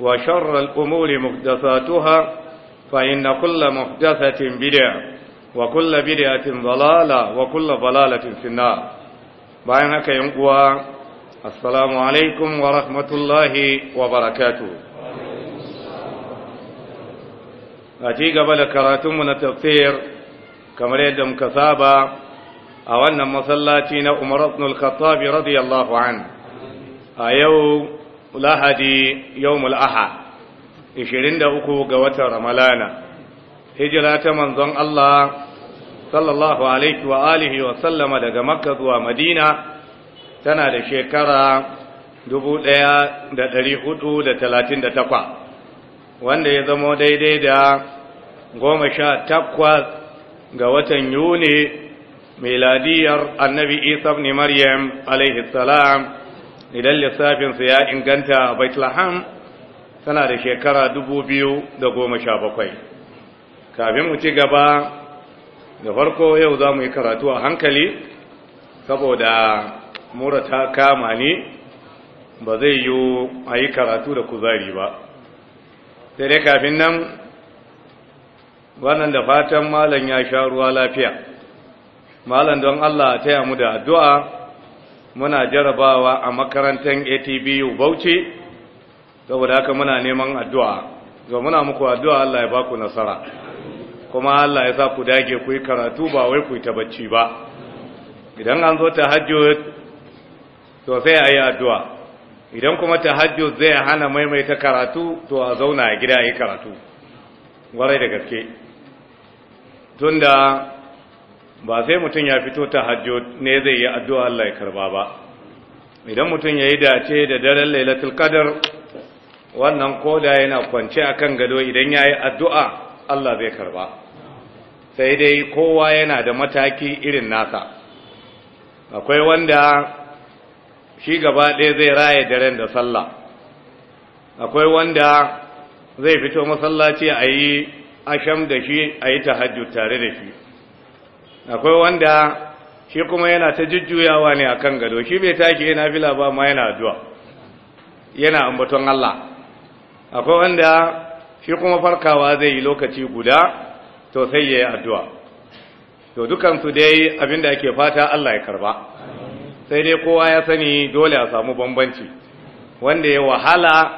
وشر الأمور محدثاتها فإن كل محدثة بدعة وكل بدعة ضلالة وكل ضلالة في النار بينك ينقوى السلام عليكم ورحمة الله وبركاته أتي قبل كراتم من كما ريدم كثابة أو أن مصلاتنا أمر الخطاب رضي الله عنه أيوه lahadi ishirin da 23 ga watan ramalana hijira ta manzon Allah sallallahu alaihi wa alihi wa sallama daga makka zuwa madina tana da shekara 1438 wanda ya zamo daidai da 18 ga watan yuni miladiyar annabi isa ibn maryam alaihi salam idan lissafinsu ya inganta a baitlaham tana da shekara da goma sha bakwai. kafin mu ci gaba da farko yau za mu yi karatu a hankali saboda mura ta kama ne ba zai yi a yi karatu da kuzari ba sai dai kafin nan wannan da fatan malam ya sha ruwa lafiya malam don allah taya mu da addu'a muna jarabawa a makarantar atbu bauchi saboda haka muna neman addu'a zo muna muku addu'a allah ya baku nasara kuma allah ya sa ku dage ku yi karatu ba wai ku yi ta bacci ba idan an zo ta hajjot to sai a addu'a idan kuma ta hajjot zai hana maimaita karatu to a zauna a gida a yi karatu gwarai da gaske tunda ba sai mutum ya fito ta hajjo ne zai yi addu'a Allah ya karba ba idan mutum ya yi dace da daren lailatul kadar wannan koda yana kwance a kan gado idan ya yi addu'a Allah zai karba sai dai kowa yana da mataki irin nasa akwai wanda shi gaba ɗaya zai raye daren da sallah akwai wanda zai fito masallaci a yi asham da shi a yi tahajjud tare da shi akwai wanda shi kuma yana ta jujjuyawa ne akan gado shi bai tashi yana fila ba ma yana addu'a yana ambaton Allah akwai wanda shi kuma farkawa zai yi lokaci guda to sai yayi addu'a to dukansu dai abinda ake fata Allah ya karba sai dai kowa ya sani dole a samu bambanci wanda ya wahala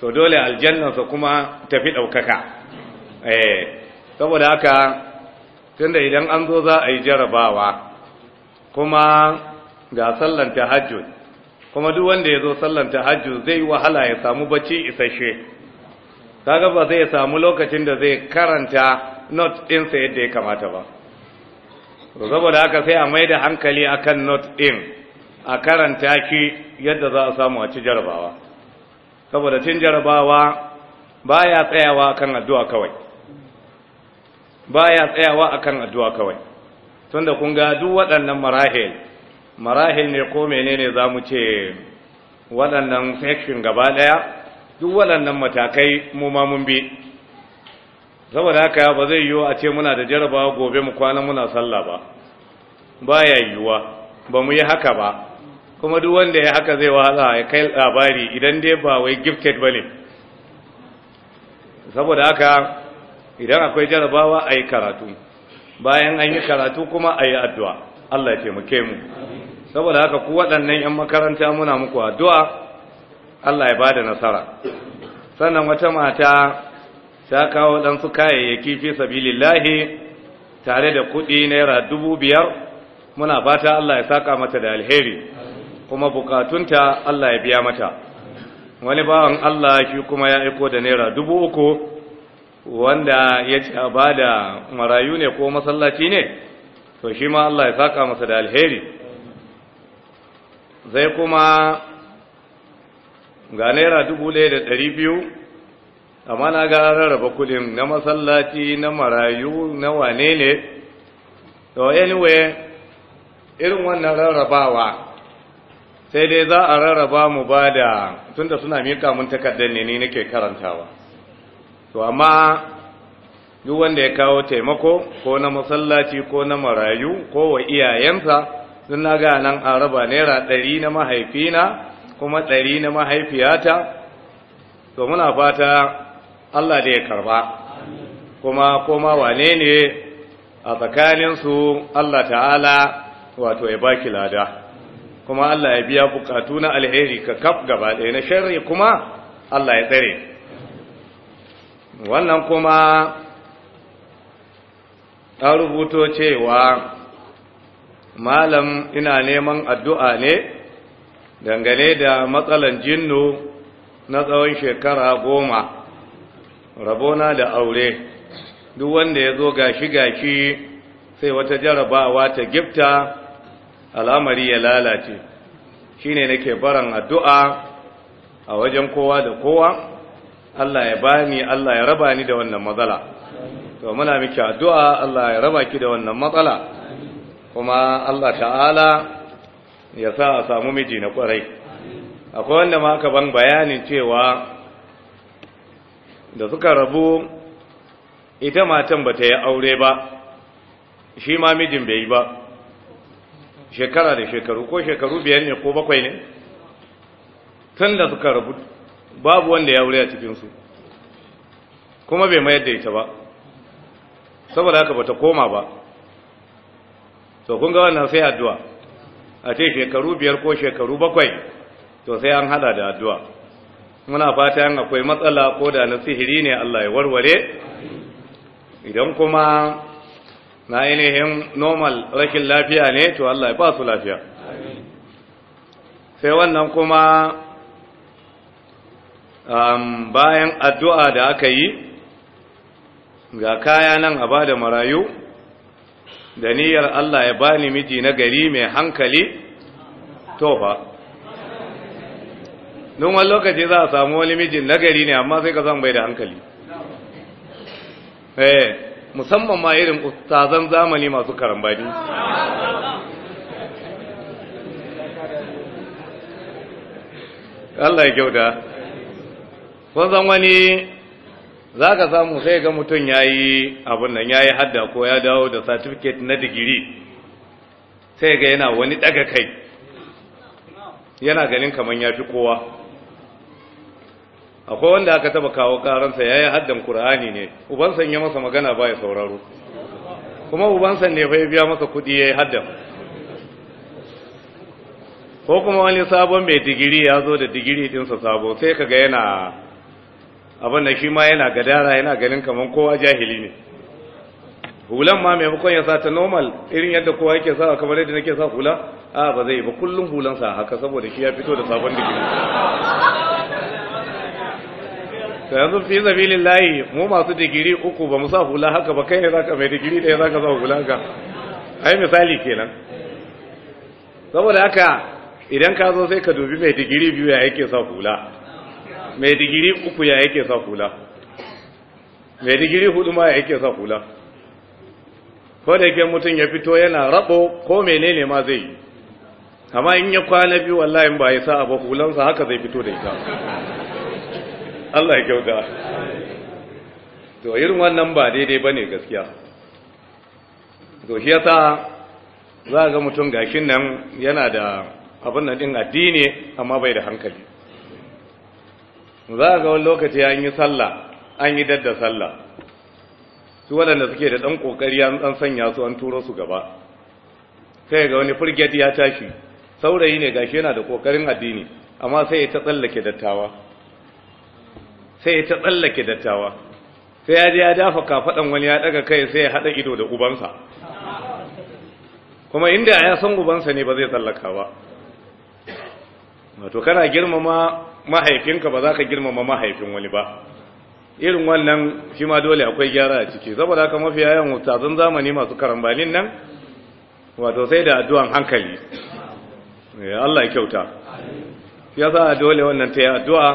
to dole aljannansa kuma tafi ɗaukaka. eh saboda haka tunda idan an zo za a yi jarabawa kuma ga sallan tahajjud kuma duk wanda ya zo sallan tahajjud zai wahala ya samu bacci isashe, kaga ba zai samu lokacin da zai karanta not ɗinsa yadda ya kamata ba saboda haka sai a mai da hankali akan not ɗin a karanta shi yadda za a samu a ci jarabawa saboda cin jarabawa baya tsayawa kan addu'a kawai baya tsayawa akan addu'a kawai tunda kun ga duk waɗannan marahil marahil ne ko menene zamu ce waɗannan section gaba ɗaya duk waɗannan matakai mu ma mun bi saboda haka ba zai yiwu a ce muna da jarabawa gobe mu kwana muna sallah ba baya yiwuwa ba mu yi haka ba kuma duk wanda ya haka zai wahala ya kai labari idan dai ba wai gifted bane saboda haka idan akwai jarabawa a yi karatu bayan an yi karatu kuma a yi addu'a Allah ya taimake mu saboda haka ku waɗannan ‘yan makaranta muna muku addu'a Allah ya ba da nasara sannan wata mata ta kawo ɗansu kayayyaki fi sabilillahi tare da kuɗi naira dubu biyar muna fata Allah ya saka mata da alheri kuma bukatunta Allah ya biya mata wani bawan Allah shi kuma ya aiko da naira dubu uku wanda ya ci a marayu ne ko masallaci ne to shi ma Allah ya saka masa da alheri zai kuma ga naira dubu ɗaya da ɗari biyu amma na ga rarraba kudin na masallaci na marayu na wane ne to anyway irin wannan rarrabawa sai dai za a rarraba mu ba da tunda suna mika mun takardar ne ni nake karantawa to amma duk wanda ya kawo taimako ko na masallaci ko na marayu ko wa iyayensa sun na ga nan a raba naira ɗari na mahaifina kuma ɗari na mahaifiyata to muna fata Allah da ya karba kuma koma wane ne a tsakaninsu Allah ta'ala wato ya baki lada kuma Allah ya biya bukatu na alheri ka kaf gaba ɗaya na sharri kuma Allah ya tsare wannan kuma ta rubuto cewa malam ina neman addu'a ne dangane da matsalan jinnu na tsawon shekara goma rabona da aure duk wanda ya zo gashi-gashi sai wata jarabawa ta gifta al'amari ya lalace shine nake baran addu'a a wajen kowa da kowa Allah ya bani Allah ya raba ni da wannan matsala to muna miki addu'a Allah ya raba ki da wannan matsala kuma Allah ta'ala ya sa a samu miji na kwarai akwai wanda ma aka ban bayanin cewa da suka rabu ita matan ba ta yi aure ba shi ma mijin bai yi ba shekara da shekaru ko shekaru biyar ne ko bakwai ne tun da suka rabu babu wanda ya wuri a cikinsu kuma bai mayar da ita ba saboda haka ba ta koma ba to kun ga wannan sai addu'a a ce shekaru biyar ko shekaru bakwai to sai an hada da addu'a muna fata yan akwai matsala ko da na sihiri ne Allah ya warware idan kuma na ainihin normal rashin lafiya ne to Allah ya ba su lafiya sai wannan kuma Um, bayan addu'a da aka yi ga kaya nan a ba da marayu da niyyar Allah ya bani miji na gari mai hankali to fa don wani lokaci za a samu wani mijin na gari ne amma sai ka zan bai da hankali eh musamman ma irin ustazan zamani masu karambani Allah ya kyauta kun san wani za ka samu sai ga mutum ya yi abin nan ya yi hadda ko ya dawo da certificate na digiri sai ga yana wani daga kai yana ganin kamar ya fi kowa akwai wanda aka taba kawo karansa ya yi haddan kur'ani ne ubansan ya masa magana ba ya sauraro kuma ubansan ne fai biya masa kudi ya yi haddan ko kuma wani sabon mai digiri ya zo da digiri dinsa sabo sai ka ga yana abin da shi ma yana gadara yana ganin kamar kowa jahili ne hulan ma maimakon ya sa ta normal irin yadda kowa yake sa kamar yadda nake sa hula a ba zai ba kullum hulan sa haka saboda shi ya fito da sabon digiri ta yanzu fi zabilin layi mu masu digiri uku ba mu sa hula haka ba kai ne zaka mai digiri ɗaya zaka sa hula ka ai misali kenan saboda haka idan ka zo sai ka dubi mai digiri biyu ya yake sa hula mai digiri uku ya yake sa hula mai digiri hudu ma ya yake sa hula ko da yake mutum ya fito yana rabo ko menene ma zai yi amma in ya kwana biyu wallahi ba ya sa abu hulansa haka zai fito da ita Allah ya kyauta to irin wannan ba daidai bane gaskiya to shi yasa za ga mutum gashin nan yana da abin nan din addini amma bai da hankali za a ga wani lokaci an yi sallah an yi dadda sallah su waɗanda suke da ɗan ƙoƙari an ɗan sanya su an turo su gaba sai ga wani firgeti ya tashi saurayi ne gashi yana da ƙoƙarin addini amma sai ya ta tsallake dattawa sai ya ta tsallake dattawa sai ya je ya dafa kafaɗan wani ya ɗaga kai sai ya haɗa ido da ubansa kuma inda ya san ubansa ne ba zai tsallaka ba wato kana girmama mahaifinka ba za ka girmama mahaifin wani ba irin wannan shi ma dole akwai gyara a ciki saboda haka mafi yayan mutazan zamani masu karambalin nan wato sai da addu'an hankali eh, Allah ya kyauta ya sa dole wannan ta yi addu'a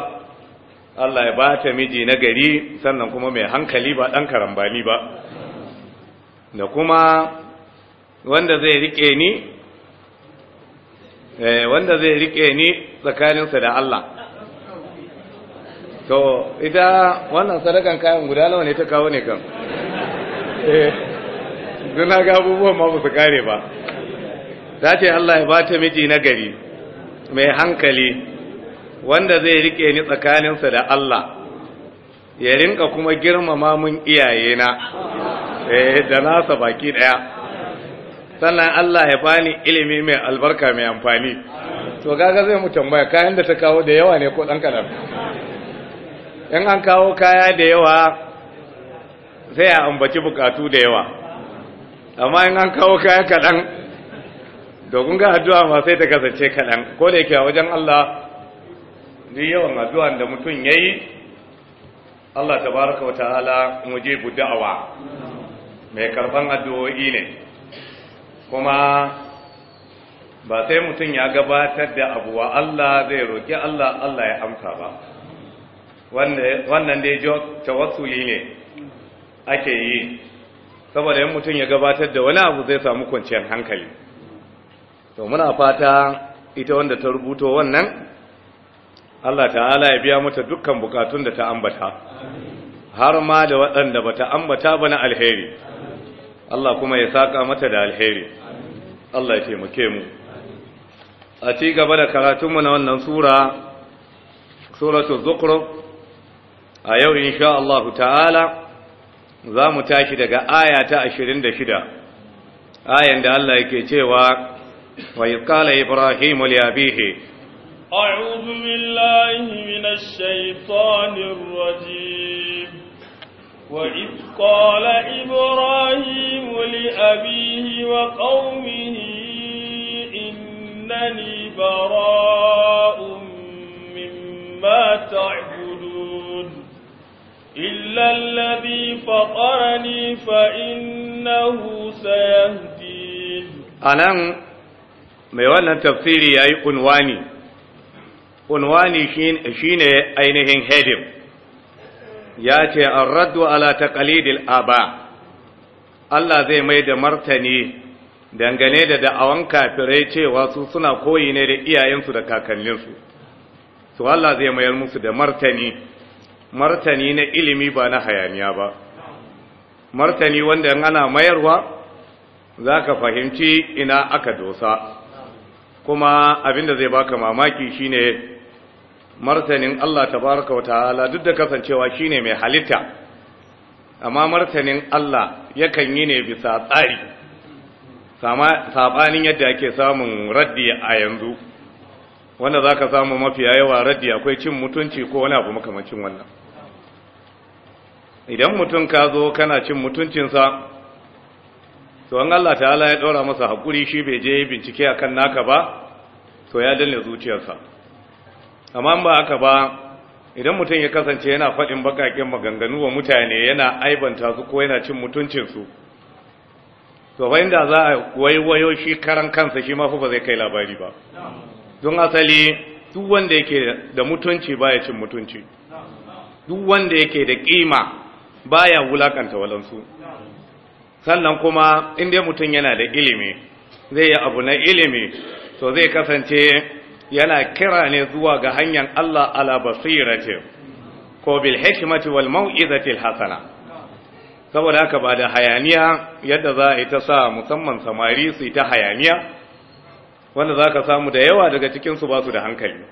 Allah ya ba ta miji na gari sannan kuma mai hankali ba ɗan karambani ba da kuma wanda zai rike ni eh, wanda zai rike ni tsakaninsa da Allah to ita wannan sadakan kayan guda nawa ne ta kawo ne kan eh ga abubuwan ma ba su kare ba ta ce Allah ya bata miji na gari mai hankali wanda zai rike ni tsakaninsa da Allah ya rinka kuma girmama mun iyayena na eh, da nasa baki daya sannan Allah ya bani ilimi mai albarka mai amfani to gaga zai mu tambaya kayan da ta kawo da yawa ne ko dan kadan in an kawo kaya da yawa sai a ambaci bukatu da yawa amma in an kawo kaya kaɗan to ga addu'a ma sai ta kasance kaɗan ko da yake a wajen Allah ni yawan addu'an da mutum ya yi Allah tabaraka wa ta'ala mujibu da'awa mai karban addu'o'i ne kuma ba sai mutum ya gabatar da abuwa Allah zai roƙi Allah Allah ya amsa ba wannan dai tawassuli ne ake yi saboda yin mutum ya gabatar da wani abu zai samu kwanciyar hankali to muna fata ita wanda ta rubuto wannan Allah ta'ala ya biya mata dukkan bukatun da ta ambata har ma da waɗanda ba ta ambata ba na alheri Allah kuma ya saƙa mata da alheri Allah ya taimake mu a ci gaba da karatunmu na wannan sura suratul zukhruf a yau insha Allah ta'ala za mu tashi daga aya ta shida ayan da Allah yake cewa wa qala ibrahim li ibrahim li abihi innani إلا الذي فقرني فإنه سيهدين أنا ميوانا تفسيري أي عنواني عنواني شين, شين أينهن هدم ياتي الرد على تقاليد الآباء Allah zai mai da martani dangane da da'awan kafirai cewa su suna koyi ne da iyayensu da kakanninsu, su Allah zai mayar musu da martani martani na ilimi ba na hayaniya ba martani wanda ana mayarwa za ka fahimci ina aka dosa kuma abinda zai baka mamaki shine martanin Allah tabaraka wa ta'ala duk da kasancewa shine mai halitta amma martanin Allah yakan yi ne bisa tsari sabanin yadda ake samun raddi a yanzu wanda za ka samu mafiya yawa raddi akwai cin mutunci ko wani abu makamacin wannan idan mutum ka zo kana cin mutuncinsa to an Allah ta'ala ya ɗora masa haƙuri shi bai je bincike a kan naka ba to ya danne zuciyarsa amma ba haka ba idan mutum ya kasance yana faɗin baƙaƙen maganganu wa mutane yana aibanta su ko yana cin mutuncinsu to bayan da za a waiwayo shi karan kansa shi mafi ba zai kai labari ba don asali duk wanda yake da mutunci ba ya cin mutunci duk wanda yake da ƙima. baya wulakanta walansu sannan kuma in dai mutum yana da ilimi zai yi abu na ilimi to zai kasance yana kira ne zuwa ga hanyar Allah ala basirati ko bil hikmati wal mau'izati al hasana saboda haka ba da hayaniya yadda za a yi ta sa musamman samari su yi ta hayaniya wanda za ka samu da yawa daga cikinsu ba su da hankali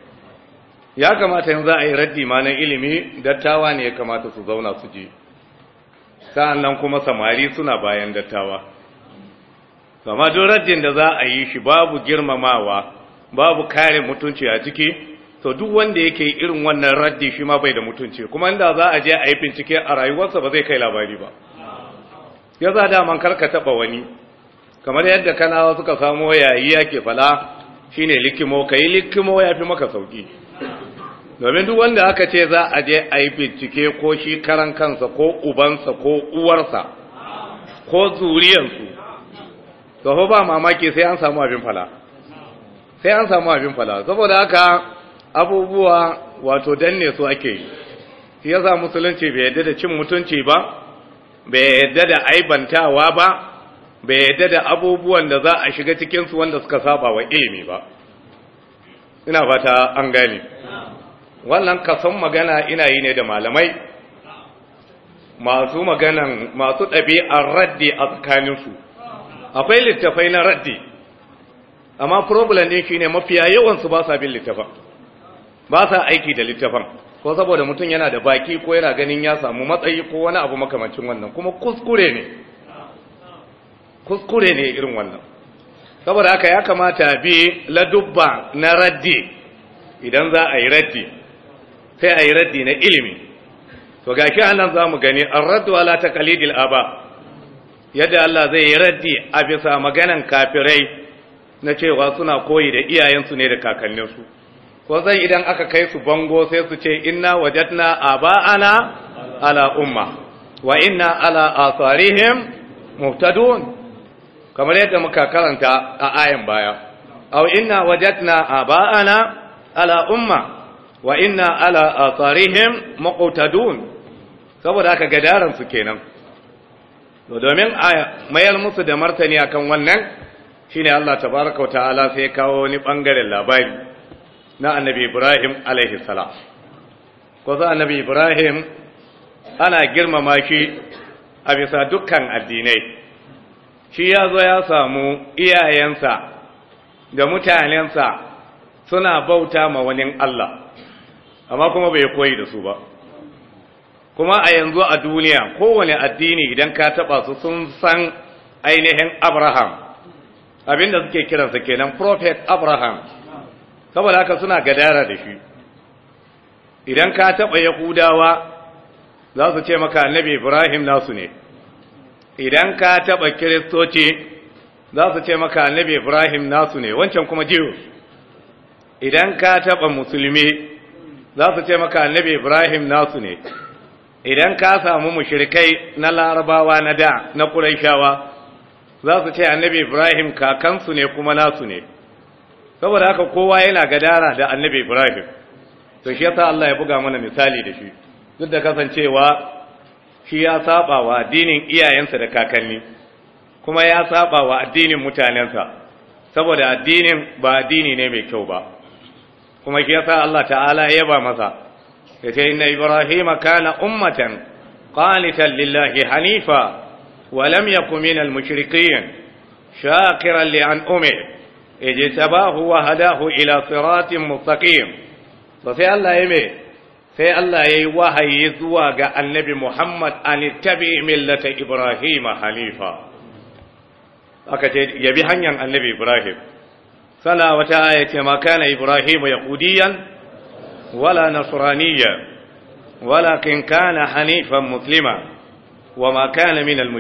ya kamata yin za a yi raddi ma na ilimi dattawa ne ya kamata su zauna su ji sa'annan kuma samari suna bayan dattawa kama rajin da za a yi shi babu girmamawa babu kare mutunci a ciki to duk wanda yake irin wannan raddi shi ma bai da mutunci kuma inda za a je a yi bincike a rayuwarsa ba zai kai labari ba ya za daman karka taba wani kamar yadda kanawa suka samo yayi yake fala shi ne likimo ka yi likimo ya fi maka sauki domin duk wanda aka ce za a je a yi bincike ko shi karan kansa ko ubansa ko uwarsa ko zuriyarsu to ba mamaki sai an samu abin fala sai an samu abin fala saboda haka abubuwa wato danne su ake yi shi yasa musulunci bai yadda da cin mutunci ba bai yadda da aibantawa ba bai yadda da abubuwan da za a shiga cikinsu wanda suka saba wa ilimi ba ina fata an gani. wannan kason magana ina yi ne da malamai masu maganan masu ɗabi'ar raddi a tsakaninsu akwai littafai na raddi amma problem ɗin shine mafiya yawansu ba sa bin littafan ba sa aiki da littafan ko saboda mutum yana da baki ko yana ganin ya samu matsayi ko wani abu makamancin wannan kuma kuskure ne kuskure ne irin wannan saboda haka ya kamata bi ladubba na raddi idan za a yi raddi sai a yi raddi na ilimi to shi anan za mu gani an raddu ala ta kalidil aba yadda Allah zai yi raddi a bisa maganan kafirai na cewa suna koyi da iyayensu ne da kakanninsu ko zai idan aka kai su bango sai su ce inna wajadna ana ala umma wa inna ala asarihim muhtadun kamar yadda muka karanta a ayan baya aw inna wajadna ana ala umma wa inna ala atharihim muqtadun saboda aka gadaran su kenan to domin a mayar musu da martani akan wannan shine Allah tabaraka wa ta'ala sai kawo wani bangaren labari na annabi Ibrahim alaihi salam ko annabi Ibrahim ana girmama shi a bisa dukkan addinai shi ya zo ya samu iyayensa da mutanensa suna bauta ma wani Allah amma kuma bai koyi da su ba kuma a yanzu a duniya kowane addini idan ka taba su sun san ainihin abraham abinda suke kiransa kenan prophet abraham saboda haka suna gadara da shi idan ka taba yahudawa za su ce maka annabi ibrahim nasu ne idan ka taba kiristoci za su ce maka annabi ibrahim nasu ne wancan kuma jiyo idan ka taba musulmi za su ce maka annabi ibrahim nasu ne idan ka samu mushrikai na larabawa na da na ƙuraishawa za su ce annabi ibrahim kakansu ne kuma nasu ne saboda haka kowa yana gadara da annabi ibrahim to shi yasa Allah ya buga mana misali da shi duk da kasancewa shi ya saba wa addinin iyayensa da kakanni kuma ya saba wa addinin mutanensa saboda addinin ba addini ne mai kyau ba kuma shi yasa Allah ta'ala ya ba masa ce inna ibrahima kana ummatan qanitan lillahi hanifa wa lam yakun minal mushrikeen shakiran li an ummi ijtabahu wa hadahu ila siratin mustaqim to sai Allah ya me sai Allah yayi wahayi zuwa ga annabi Muhammad an tabi millata ibrahima hanifa aka ce yabi hanyar annabi ibrahim sana wata aya ce ma kana ibrahimu yahudiyan wala nasraniyya walakin kana hanifan muslima wa ma kana min al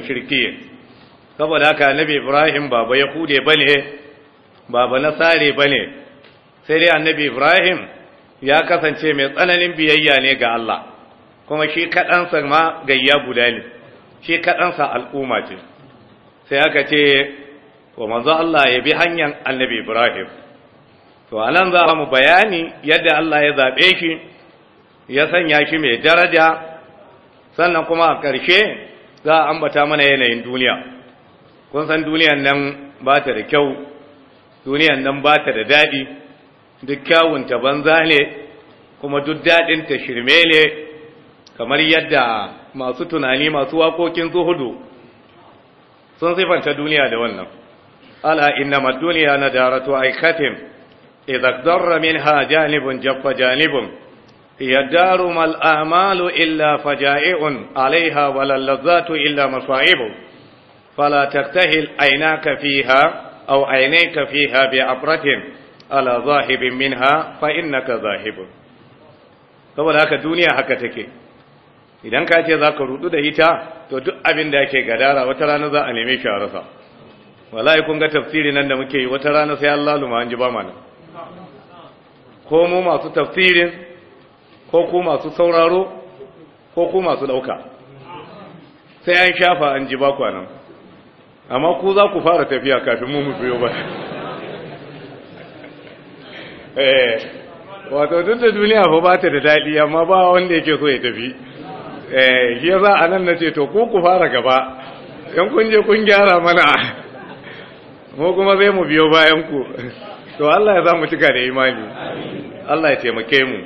saboda haka annabi ibrahim baba yahude bane baba nasare bane sai dai annabi ibrahim ya kasance mai tsananin biyayya ne ga Allah kuma shi kaɗansa ma gayya guda ne shi kaɗansa al'umma ce sai aka ce to manzo Allah ya bi hanyar annabi Ibrahim to anan za mu bayani yadda Allah ya zabe shi ya sanya shi mai daraja sannan kuma a ƙarshe za a ambata mana yanayin duniya kun san duniyan nan ba ta da kyau duniyan nan ba ta da daɗi duk kyawunta banza ne kuma duk daɗinta shirme ne kamar yadda masu tunani masu waƙoƙin zuhudu sun sifanta duniya da wannan ala innama duniya na daratu aikatin idan darra min ha janibun jaffa janibun yaddaru mal amalu illa faja'i'un alaiha walallazatu illa masa'ibu fala taktahil ainaka fiha أو عينيك فيها بعبرة على ظاهب منها فإنك ذاهب saboda haka duniya haka take idan ka ce za ka rudu da ita to duk abin da yake gadara wata rana za a nemi shi wallahi kun ga tafsiri nan da muke yi wata rana sai Allah luma an ji ba mana ko mu masu tafsirin ko ku masu sauraro ko ku masu dauka sai an shafa an ji ba kwanan amma ku za ku fara tafiya kafin mu mu biyo ba eh wato duk da duniya fa ba ta da daɗi amma ba wanda yake so ya tafi eh shi yasa anan nace to ku ku fara gaba yan kun je kun gyara mana mu kuma zai mu biyo bayan ku to Allah ya za mu cika da imani Allah ya taimake mu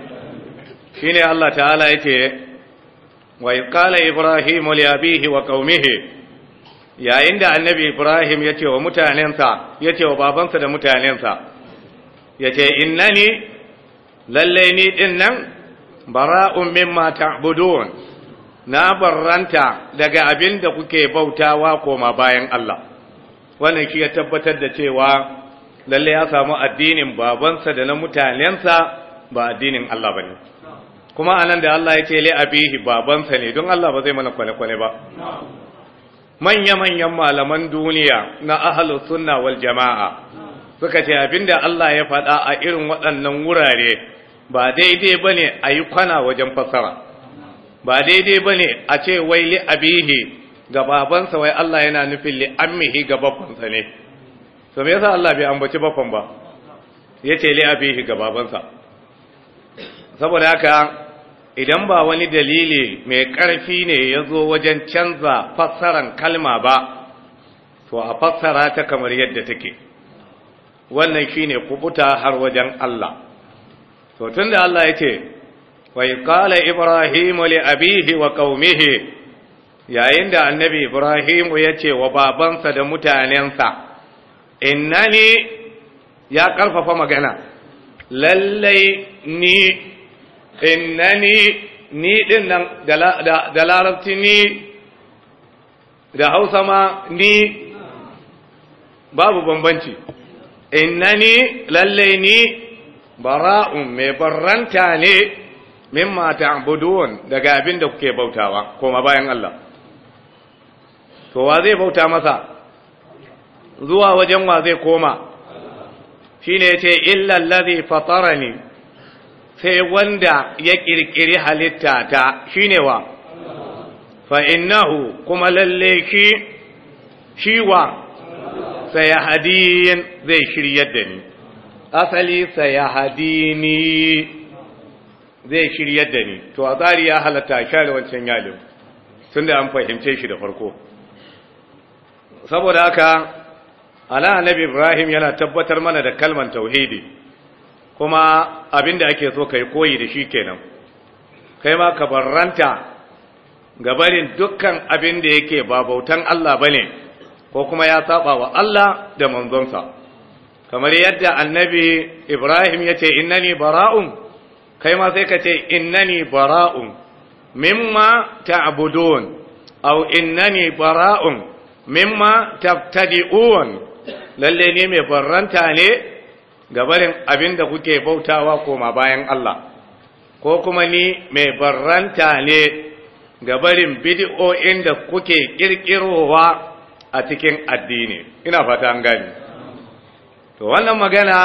Shi ne Allah ta'ala ya ce wai ƙala ibrahim li wa qaumihi yayin da annabi ibrahim ya ce wa mutanensa ya ce wa babansa da mutanensa ya ce ni, lallai ni din nan bara'un mimma ta'budun na barranta daga abin da kuke bautawa koma bayan Allah wannan shi ya tabbatar da cewa lalle ya samu addinin babansa da na mutanensa ba addinin Allah bane kuma anan da Allah ya ce li abihi babansa ne don Allah ba zai mana kwale-kwale ba manya-manyan malaman duniya na ahlus sunna wal jama'a suka ce abinda Allah ya faɗa a irin waɗannan wurare ba daidai bane a yi kwana wajen fassara ba daidai bane a ce wai li abihi ga babansa wai Allah yana nufin li ammihi ga babansa ne to me yasa Allah bai ambaci babban ba yace li abihi ga babansa saboda haka idan ba wani dalili mai ƙarfi ne ya zo wajen canza fassaran kalma ba to a fassara ta kamar yadda take wannan shine kubuta har wajen Allah to tunda Allah yace wa qala ibrahimu li abihi wa qaumihi yayin da annabi ibrahimu ya ce wa babansa da mutanensa innani ya karfafa magana lallai ni innani ni din nan da larabci ni da hausa ma ni babu bambanci innani lallai ni bara'un mai baranta ne mimma ta'budun daga abin da kuke bautawa koma bayan Allah to wa zai bauta masa zuwa wajen wa zai koma shine yace illa allazi ne sai wanda ya ƙirƙiri halitta ta shine wa fa kuma lalle shi shi wa sayahadin zai shiryar da ni asali sayahadini zai shiryar da ni to a tsari ya halatta shari'ar wancan yalin tunda an fahimce shi da farko saboda haka ala annabi ibrahim yana tabbatar mana da kalman tauhidi kuma abinda ake so kai koyi da shi kenan kai ma ka barranta gabarin dukkan abinda yake ba bautan Allah bane ko kuma ya saba wa Allah da manzonsa kamar yadda annabi ibrahim yace ce innani bara'un kai ma sai ka ce innani bara'un mimma ta'budun aw innani bara'un mimma tabtadi'un lalle ne mai barranta ne gabarin abin da kuke bautawa koma bayan Allah ko kuma ni mai barranta ne gabarin bid'o'in da kuke kirkirowa a cikin addini ina fata an gani to wannan magana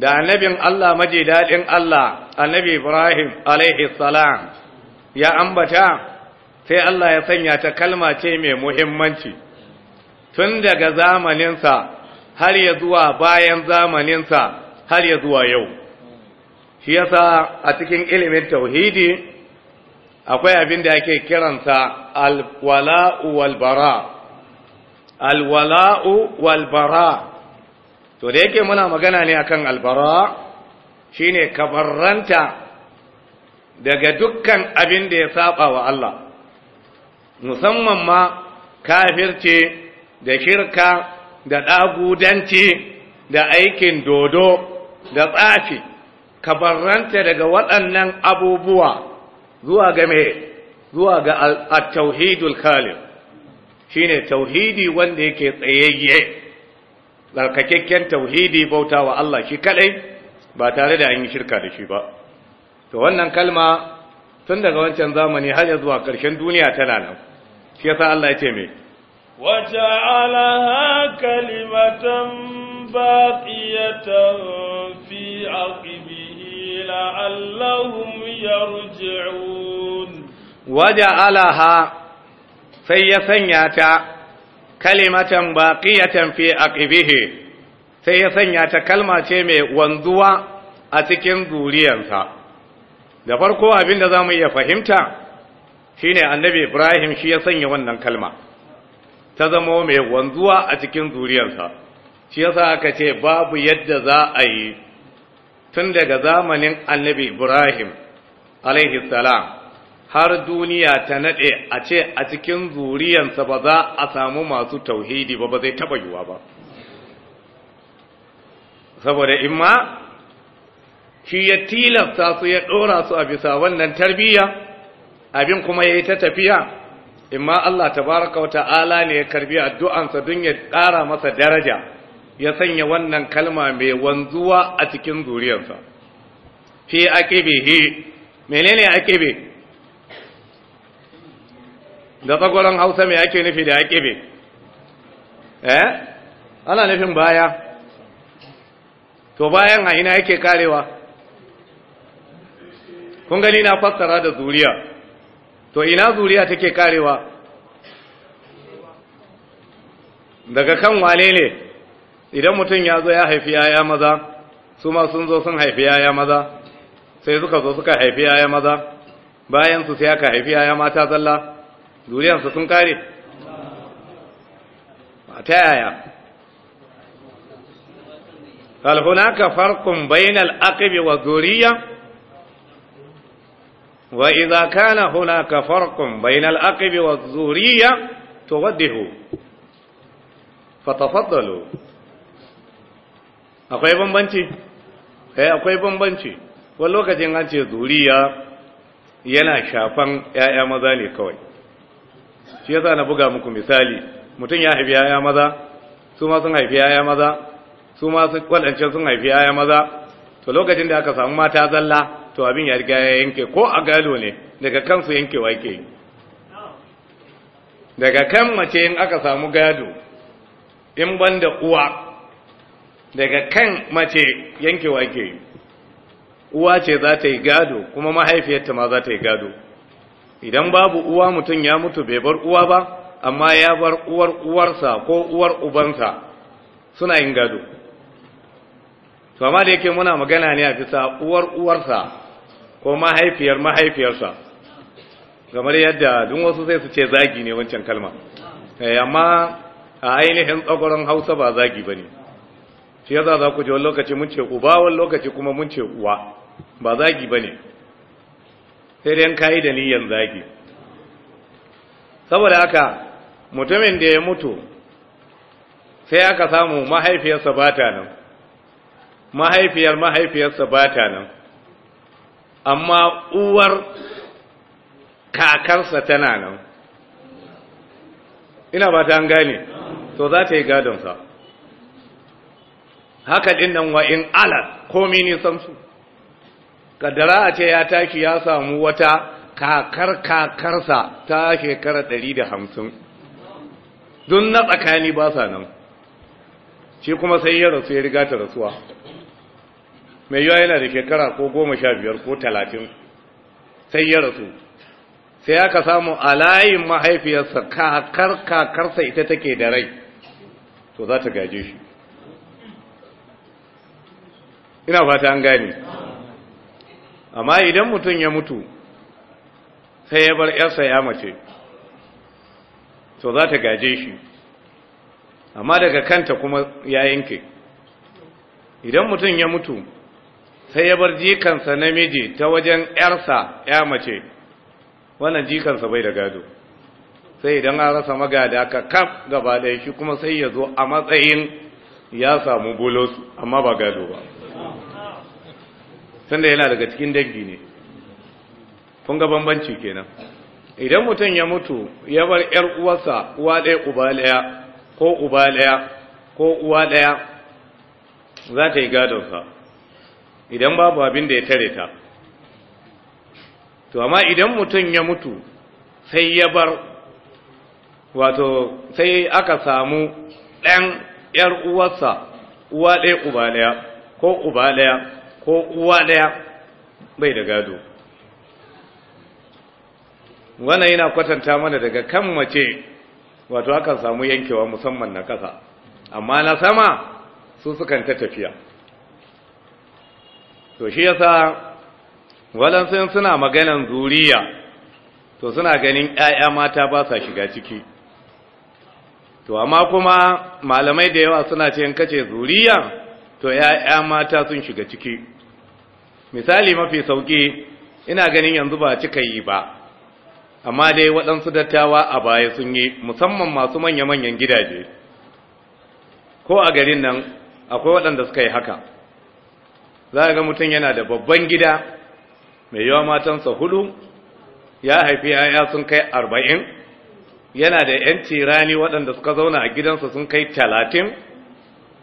da annabin Allah maji daɗin Allah annabi Ibrahim alaihi salam ya ambata sai Allah ya sanya ta kalma ce mai muhimmanci tun daga zamaninsa har ya zuwa bayan zamaninsa har ya zuwa yau shi yasa a cikin ilimin tauhidi akwai abin da ake kiransa alwala'u walbara alwala'u walbara to da yake muna magana ne akan albara shine kabaranta daga dukkan abin da ya saba wa Allah musamman ma kafirce da shirka da ɗagudanci da aikin dodo da tsafi ka daga waɗannan abubuwa zuwa ga me zuwa ga at-tauhidul Shi shine tauhidi wanda yake tsayayye tsarkakakken tauhidi bauta wa Allah shi kadai ba tare da an yi shirka da shi ba to wannan kalma tun daga wancan zamani har zuwa ƙarshen duniya tana nan shi yasa Allah ya ce me waja'alaha kalimatan baqiyatan fi aqibihi la'allahum yarji'un waja'alaha sai ya sanya ta kalimatan baqiyatan fi aqibihi sai ya sanya ta kalma ce mai wanzuwa a cikin zuriyarsa da farko abinda da za mu iya fahimta Shi shine annabi Ibrahim shi ya sanya wannan kalma ta zama mai wanzuwa a cikin zuriyarsa shi yasa aka ce babu yadda za a yi tun daga zamanin annabi Ibrahim alaihi salam har duniya ta naɗe a ce a cikin zuriyarsa ba za a samu masu tauhidi ba ba zai taba yiwa ba saboda imma shi ya tilasta su ya ɗora su a bisa wannan tarbiyya abin kuma yayi ta tafiya imma Allah tabaraka wa ta'ala ne ya karbi addu'ansa don ya ƙara masa daraja ya sanya wannan kalma mai wanzuwa a cikin zuriyarsa fi aqibihi menene aqibi da tsagoron Hausa me ake nufi da aqibi eh ana nufin baya to bayan a ina yake karewa kun gani na fassara da zuriya to ina zuriya take karewa daga kan wale ne idan mutum ya zo ya haifi yaya maza su ma sun zo sun haifi yaya maza sai suka zo suka haifi yaya maza bayan su sai aka haifi yaya mata zalla zuriyansu sun kare ta yaya hal hunaka farqun bainal aqbi wa zuriya wa idza kana hunaka farqun bayna al-aqbi wa az-zuriyya tuwaddihu fatafaddalu akwai bambanci eh akwai bambanci wani lokacin an ce zuriya yana shafan 'ya'ya maza ne kawai shi yasa na buga muku misali mutum ya haifi 'ya'ya maza su ma sun haifi 'ya'ya maza su ma waɗancan sun haifi 'ya'ya maza to lokacin da aka samu mata zalla to abin ya riga ya yanke ko a gado ne daga kansu yankewa yake daga kan mace in aka samu gado in banda uwa daga kan mace yankewa yake uwa ce za ta yi gado kuma mahaifiyarta ma za ta yi gado idan babu uwa mutum ya mutu bai bar uwa ba amma ya bar uwar uwarsa ko uwar ubansa suna yin gado to amma da yake muna magana ne a bisa uwar uwarsa ko mahaifiyar mahaifiyarsa kamar yadda dun wasu sai su ce zagi ne wancan kalma eh, amma a ainihin tsakoron hausa ba zagi ba ne shi yasa za ku ji wani lokaci mun ce uba wani lokaci kuma mun ce uwa ba zagi ba ne sai dai kayi da niyyar zagi saboda haka mutumin da ya mutu sai aka samu mahaifiyarsa ba ta nan mahaifiyar mahaifiyarsa ba ta nan amma uwar kakarsa tana nan ina ba ta gane to za ta yi gadonsa haka ɗin nan wa'in alat komi su kaddara a ce ya taki ya samu wata kakar kakarsa ta shekara ɗari da hamsin don na tsakani ba sa nan shi kuma sai ya rasu ya riga ta rasuwa mai yiwa yana da shekara ko goma sha biyar ko talatin sai ya rasu sai aka samu a layin mahaifiyarsa kakar kakarsa ita take da rai to za ta gaje shi ina fata an gane amma idan mutum ya mutu sai ya bar yarsa ya mace to za ta gaje shi amma daga kanta kuma ya yanke idan mutum ya mutu sai ya bar jikansa namiji ta wajen ‘yarsa ya mace wannan jikansa bai da gado sai idan an rasa magada ka kaf gaba ɗaya shi kuma sai ya zo a matsayin ya samu bulos amma ba gado ba sanda yana daga cikin dangi ne kun ga bambanci kenan idan mutum ya mutu ya bar ‘yar uwarsa uwa ɗaya uba ɗaya ko uba ɗaya ko uwa ɗaya za ta yi gadonsa idan babu abin da ya tare ta to amma idan mutum ya mutu sai ya bar wato sai aka samu ɗan ‘yar uwarsa uwa ɗaya uba ɗaya ko uba ɗaya ko uwa ɗaya bai da gado wannan yana kwatanta mana daga kan mace wato aka samu yankewa musamman na ƙasa amma na sama su sukan ta tafiya to shi yasa walansu suna maganan zuriya to suna ganin ‘ya'ya mata ba sa shiga ciki to amma kuma malamai da yawa suna ce in kace zuriya to ‘ya'ya mata sun shiga ciki misali mafi sauƙi ina ganin yanzu ba cika yi ba amma dai waɗansu dattawa a baya sun yi musamman masu manya-manyan gidaje ko a garin nan akwai waɗanda suka yi haka za a ga mutum yana da babban gida mai yawa matansa hudu ya haifi yaya sun kai arba'in yana da ‘yan rani waɗanda suka zauna a gidansa sun kai talatin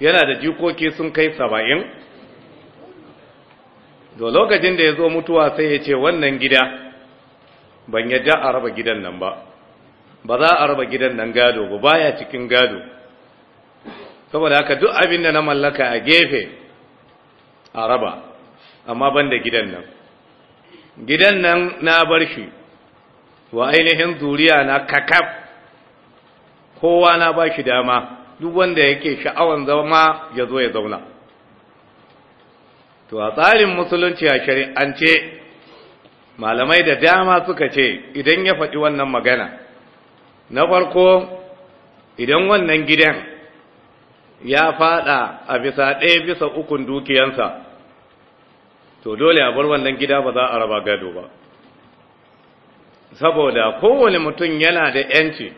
yana da jikoki sun kai saba'in da lokacin da ya zo mutuwa sai ya ce wannan gida ban yadda a raba gidan nan ba ba za a raba gidan nan gado ba baya cikin gado saboda haka duk abin da na mallaka a gefe a raba amma ban da gidan nan gidan nan na bar shi wa ainihin zuriya na kakaf kowa na ba shi dama duk wanda yake sha'awan zama ya zo ya zauna to a tsarin musulunci a shari'ance malamai da dama suka ce idan ya faɗi wannan magana na farko idan wannan gidan ya fada a bisa ɗaya bisa ukun dukiyansa to dole a bar wannan gida ba za a raba gado ba saboda kowane mutum yana da ‘yanci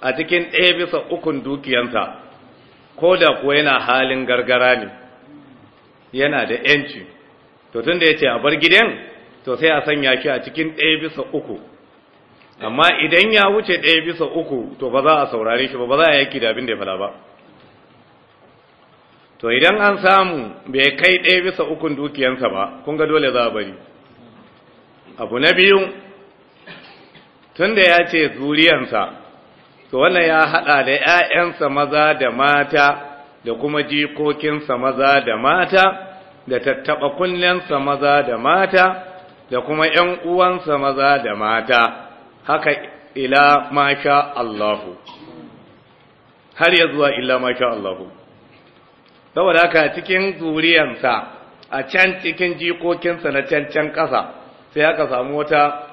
a cikin ɗaya bisa ukun dukiyansa ko da kuwa yana halin gargara ne yana da ‘yanci to tun da ya ce a bar gidan to sai a sanya shi a cikin ɗaya bisa uku amma idan ya wuce ɗaya bisa uku to ba za a saurare shi ba ba za a yaki da abin da ya fada ba to idan an samu bai kai ɗaya bisa ukun dukiyansa ba kun ga dole za a bari abu na biyu tunda ya ce zuriyansa to wannan ya haɗa da ‘ya'yansa maza da mata da kuma jikokinsa maza da mata da tattaɓa kullensa maza da mata da kuma ‘yan uwansa maza da mata haka ila masha Allahu har ya zuwa ila masha Allahu saboda haka cikin zuriyansa a can cikin jikokinsa na cancan ƙasa sai aka samu wata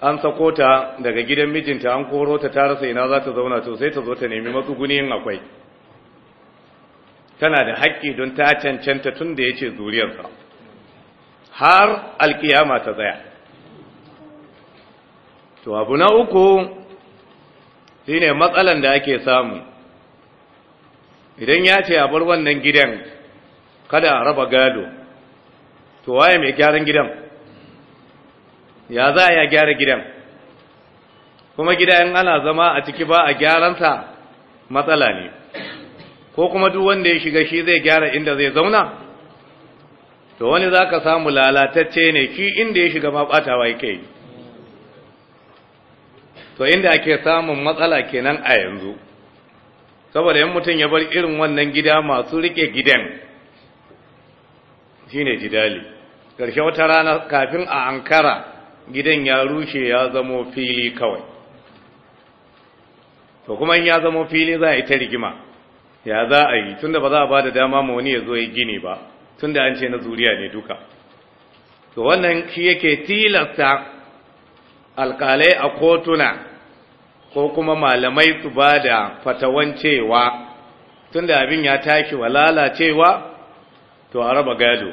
an sako ta daga gidan mijinta an koro ta sai ina za ta zauna to sai ta zo ta nemi matsuguni yin akwai tana da haƙƙi don ta cancanta tun da ya ce zuriyarsa har alƙiyama ta tsaya to abu na uku shine matsalan da ake samu idan ya ce a bar wannan gidan kada a raba gado to waye mai gyaran gidan ya za a ya gyara gidan kuma gida in ana zama a ciki ba a gyaransa matsala ne ko kuma duk wanda ya shiga shi zai gyara inda zai zauna to wani za ka samu lalatacce ne shi inda ya shiga ma yake yi to inda ake samun matsala kenan a yanzu saboda yan mutum ya bar irin wannan gida masu rike gidan shine jidali karshe wata rana kafin a ankara gidan ya rushe ya zamo fili kawai to kuma ya zamo fili za a yi ta rigima ya za a yi tunda ba za a ba da dama ma wani ya zo ya gini ba tunda an ce na zuriya ne duka to wannan shi yake tilasta alkalai a kotuna ko kuma malamai su ba da fatawan cewa tun da abin ya tashi wa lalacewa to a raba gado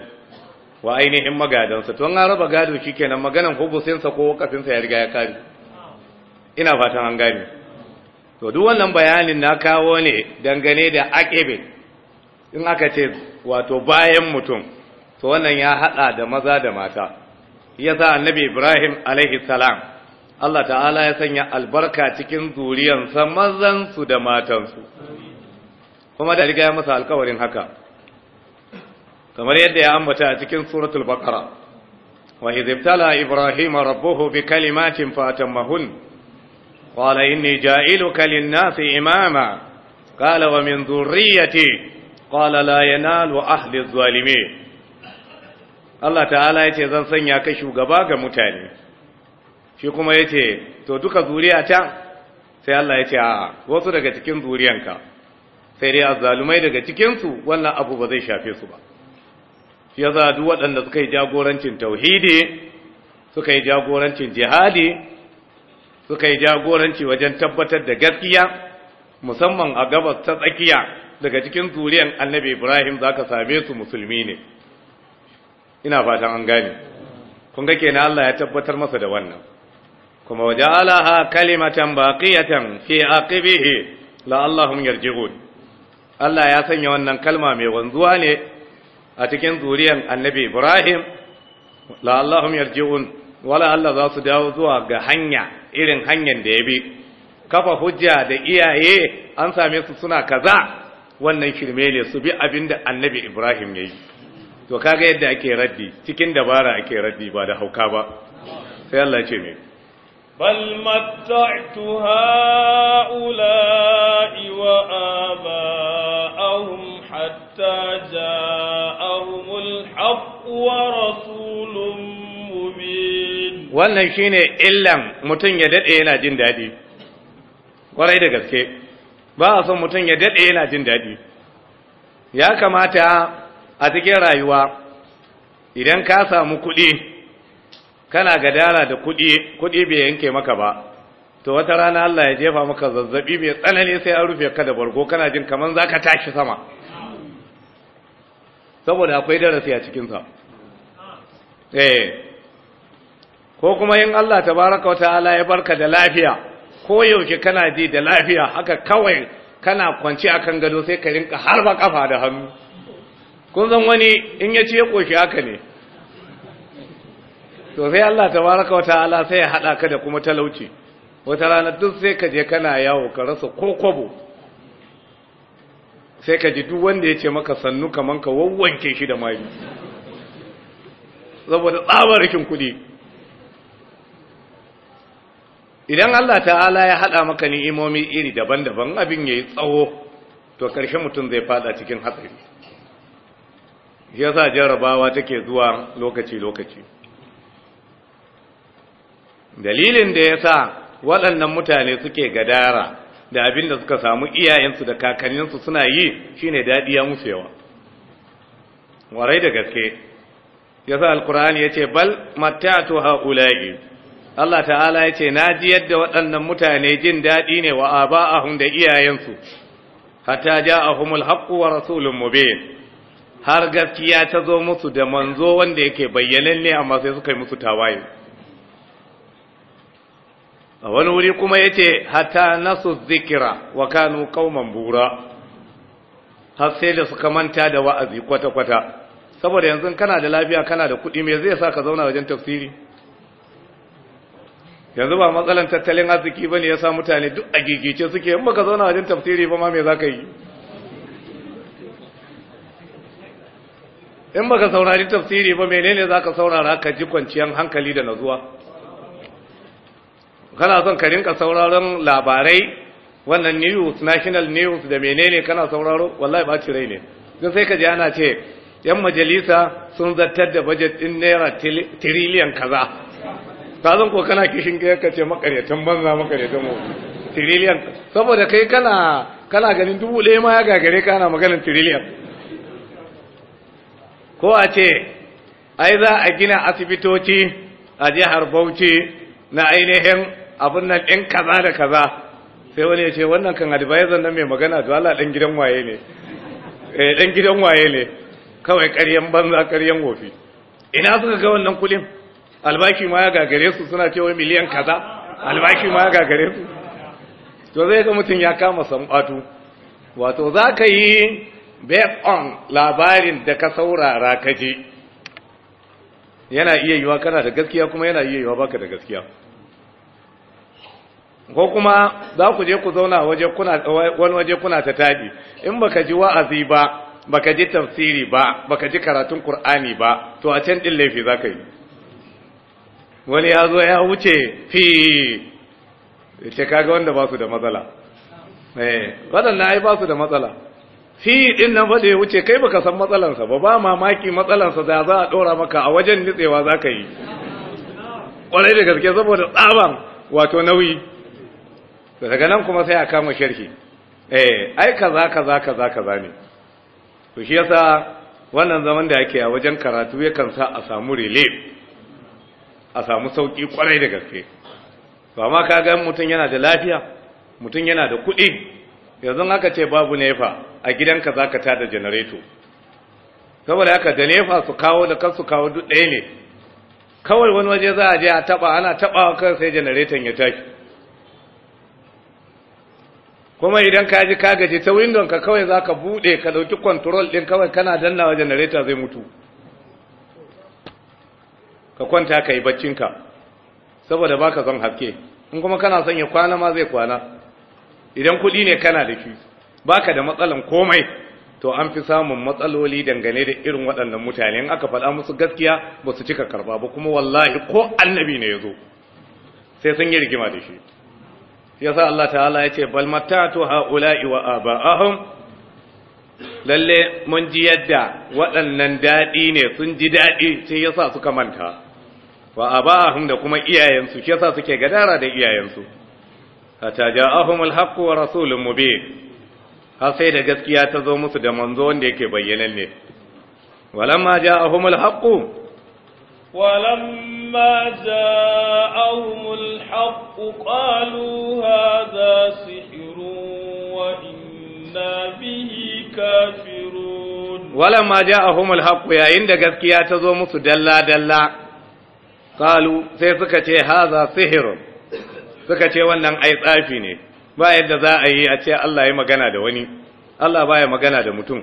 wa ainihin magadansa to an raba gado shi kenan maganan hukusinsa ko kafinsa ya riga ya kare ina fatan an gani. to duk wannan bayanin na kawo ne dangane da akebe in aka ce wato bayan mutum to wannan ya hada da maza da mata yasa annabi ibrahim alaihi salam Allah ta'ala ya sanya albarka cikin zuriyansa mazansu da matansu kuma da riga ya masa alkawarin haka kamar yadda ya ambata a cikin suratul baqara wa izibtala ibrahima rabbuhu bi kalimatin fatammahun qala inni ja'ilu kalin nasi imama qala wa min dhurriyyati qala la yanalu ahli adh Allah ta'ala ya ce zan sanya ka shugaba ga mutane shi kuma ya ce to duka zuriya ta sai Allah ya ce a wasu daga cikin zuriyanka sai dai azzalumai daga cikinsu wannan abu ba zai shafe su ba shi ya za duk waɗanda suka yi jagorancin tauhidi suka yi jagorancin jihadi suka yi jagoranci wajen tabbatar da gaskiya musamman a gabas ta tsakiya daga cikin zuriyar annabi ibrahim za ka same su musulmi ne ina fatan an gane kun ga kenan Allah ya tabbatar masa da wannan kuma waje alaha kalimatan baqiyatan fi aqibihi allahum yarji'un Allah ya sanya wannan kalma mai wanzuwa ne a cikin zuriyar annabi Ibrahim allahum yarji'un wala Allah za su dawo zuwa ga hanya irin hanyar da ya bi kafa hujja da iyaye an same su suna kaza wannan shirme ne su bi abinda annabi Ibrahim ya yi to kaga yadda ake raddi cikin dabara ake raddi ba da hauka ba sai Allah ce mai بل متعت هؤلاء وآباءهم حتى جاءهم الحق ورسول مبين wannan shine illan mutum ya dade yana jin dadi kwarai da gaske ba a son mutum ya dade yana jin dadi ya kamata a cikin rayuwa idan ka samu kuɗi kana gadara da kuɗi kuɗi bai yanke maka ba to wata rana Allah ya jefa maka zazzabi mai tsanani sai an rufe ka da bargo kana jin kaman zaka tashi sama saboda akwai darasi a cikin sa eh ko kuma in Allah tabaraka wa ta'ala ya barka da lafiya ko yaushe kana ji da lafiya haka kawai kana kwanci akan gado sai ka rinka harba kafa da hannu kun zan wani in ya ce ya koshi haka ne to sai Allah tabaraka wa ta'ala sai ya hada ka da kuma talauci wata rana duk sai ka je kana yawo ka rasa ko kwabo sai ka ji duk wanda ya ce maka sannu kaman ka wawwanke shi da mai saboda tsabarikin kudi idan Allah ta'ala ya hada maka ni'imomi iri daban-daban abin yayi tsawo to karshe mutum zai fada cikin hatsari yasa jarabawa take zuwa lokaci-lokaci dalilin da ya sa waɗannan mutane suke gadara da abin da suka samu iyayensu da kakanninsu suna yi shine daɗi ya musu yawa warai da gaske ya sa alkur'ani ya ce bal matatu ha'ula'i Allah ta'ala ya ce na ji yadda waɗannan mutane jin daɗi ne wa a da iyayensu hatta humul humul wa rasulun mubin har gaskiya ta zo musu da manzo wanda yake ne amma sai suka yi musu tawaye a wani wuri kuma ya ce hata nasu zikira wa kanu kauman bura har sai da suka manta da wa'azi kwata-kwata saboda yanzu kana da lafiya kana da kuɗi me zai sa ka zauna wajen tafsiri yanzu ba matsalan tattalin arziki ne ya sa mutane duk a gigice suke in baka zauna wajen tafsiri ba ma me za ka yi in baka saurari tafsiri ba menene za ka saurara ka ji kwanciyar hankali da nazuwa kana son ka rinka sauraron labarai wannan news national news da menene kana sauraro wallahi ba rai ne don sai ka ji ana ce yan majalisa sun zartar da budget din naira tiriliyan kaza ka zan ko kana kishin ka ka ce makaryatan banza makaryatan mu tiriliyan saboda kai kana kana ganin dubu ɗaya ma ya gagare ka ana maganar tiriliyan ko a ce ai za a gina asibitoci a jihar Bauchi na ainihin abin nan ɗin kaza da kaza sai wani ya ce wannan kan advisor nan mai magana to Allah ɗan gidan waye ne eh ɗan gidan waye ne kawai ƙaryan banza ƙaryan wofi ina suka ga wannan kulin albaki ma ya gagare su suna cewa miliyan kaza albaki ma ya gagare su to zai ga mutum ya kama sambatu wato za ka yi bet on labarin da ka saurara ka je yana iya yiwa kana da gaskiya kuma yana iya yiwa baka da gaskiya ko kuma za ku je ku zauna waje kuna wani waje kuna ta taɗi in baka ji wa'azi ba baka ji tafsiri ba baka ji karatun qur'ani ba to a can din laifi zaka yi wani ya zo ya wuce fi ce kaga wanda ba su da matsala eh wadannan ai ba su da matsala fi din nan ya wuce kai baka san matsalansa ba ba mamaki matsalansa da za a dora maka a wajen nitsewa zaka yi kwarai da gaske saboda tsaban wato nauyi to daga nan kuma sai a kama sharhi eh ai kaza kaza kaza kaza ne to shi yasa wannan zaman da yake a wajen karatu yakan sa a samu relief a samu sauki kwarai da gaske to amma kaga mutum yana da lafiya mutum yana da kuɗi yanzu haka ce babu nefa a gidan gidanka zaka da generator saboda haka da nefa su kawo da kansu kawo duk ɗaya ne kawai wani waje za a je a taba ana taba kan sai generator ya tashi kuma idan ka ji ka gaji ta windon ka kawai za ka buɗe ka ɗauki control ɗin kawai kana dannawa janareta zai mutu ka kwanta ka yi baccinka saboda ba ka son haske in kuma kana son ya kwana ma zai kwana idan kuɗi ne kana da shi ba ka da matsalan komai to an fi samun matsaloli dangane da irin waɗannan mutane in aka faɗa musu gaskiya ba su cika karɓa ba kuma wallahi ko annabi ne ya zo sai sun yi rigima da shi yasa Allah ta'ala ya ce bal mattatu haula'i wa aba'ahum lalle mun ji yadda waɗannan daɗi ne sun ji daɗi sai yasa suka manta wa aba'ahum da kuma iyayensu shi yasa suke gadara da iyayensu hatta ja'ahum alhaq wa rasulun mubin har sai da gaskiya ta zo musu da manzo wanda yake bayyananne walamma ja'ahum alhaq walamma فلما جاءهم الحق قالوا هذا سحر وإنا به كافرون ولما جاءهم الحق يا عند غسكيا تزو مسو دلا دلا قالوا sai suka ce haza sihir suka ce wannan ai tsafi ne ba yadda za a yi a ce Allah ya magana da wani Allah baya magana da mutum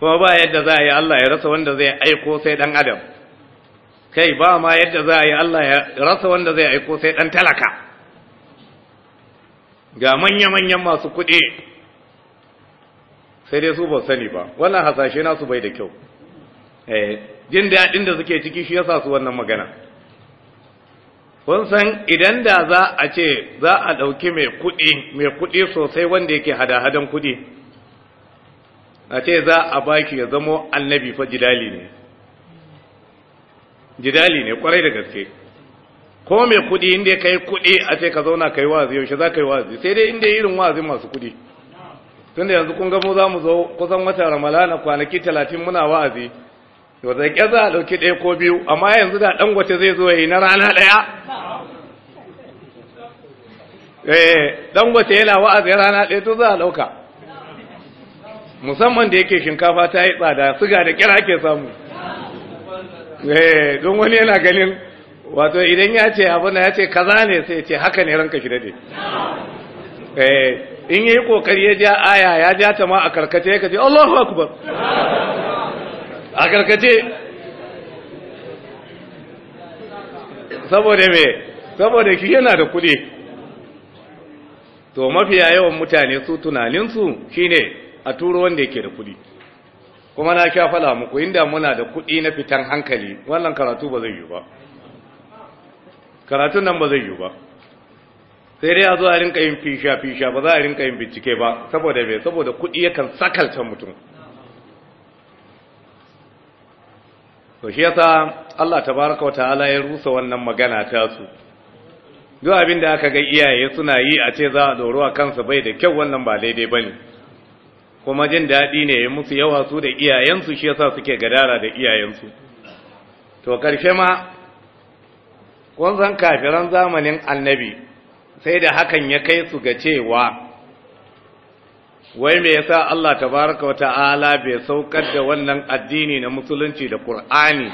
kuma ba yadda za a yi Allah ya rasa wanda zai aiko sai dan adam kai ba ma yadda za a yi Allah ya rasa wanda zai aiko sai ɗan talaka ga manya-manyan masu kuɗi sai dai su ba sani ba wannan hasashe nasu bai da kyau eh, jin daɗin da suke ciki shi yasa su wannan magana kun san idan da za a ce za a ɗauki mai kuɗi mai kuɗi sosai wanda yake hada-hadan kuɗi a ce za a baki ya zamo annabi fa jidali ne jidali ne kwarai da gaske ko mai kuɗi inda kai kuɗi a ce ka zauna kai wazi yaushe za ka yi wazi sai dai inda irin wazi masu kuɗi tunda yanzu kun gamo za mu zo kusan wata ramalana kwanaki talatin muna wazi to da za a ɗauki ɗaya ko biyu amma yanzu da dangote zai zo yi na rana ɗaya eh dangote yana wa'azi rana ɗaya to za a ɗauka musamman da yake shinkafa ta yi tsada siga da kira ke samu Eh, don wani yana ganin wato idan ya ce abin ya ce kaza ne sai ce haka ne ranka shi dade eh, in yi kokari ya ja aya ya ja ta ma a karkace ka ce Allahu akubar a karkace saboda me saboda shi yana da kuɗi to mafiya yawan mutane su tunaninsu shine a turo wanda yake da kuɗi kuma na sha fala muku inda muna da kuɗi na fitan hankali wannan karatu ba zai yi ba karatun nan ba zai yi ba sai dai a zo a rinka yin fisha-fisha ba za a rinka yin bincike ba saboda bai saboda kuɗi yakan sakalta mutum to shi yasa Allah tabaraka wa ta'ala ya rusa wannan magana ta su duk abin da aka ga iyaye suna yi a ce za a doro a kansa bai da kyau wannan ba daidai bane kuma jin daɗi ne ya musu yawa su da iyayensu shi yasa suke gadara da iyayensu to ƙarshe ma kun san kafiran zamanin annabi sai da hakan ya kai su ga cewa wai me yasa Allah tabaraka wa ta'ala bai saukar da wannan addini na musulunci da Qur'ani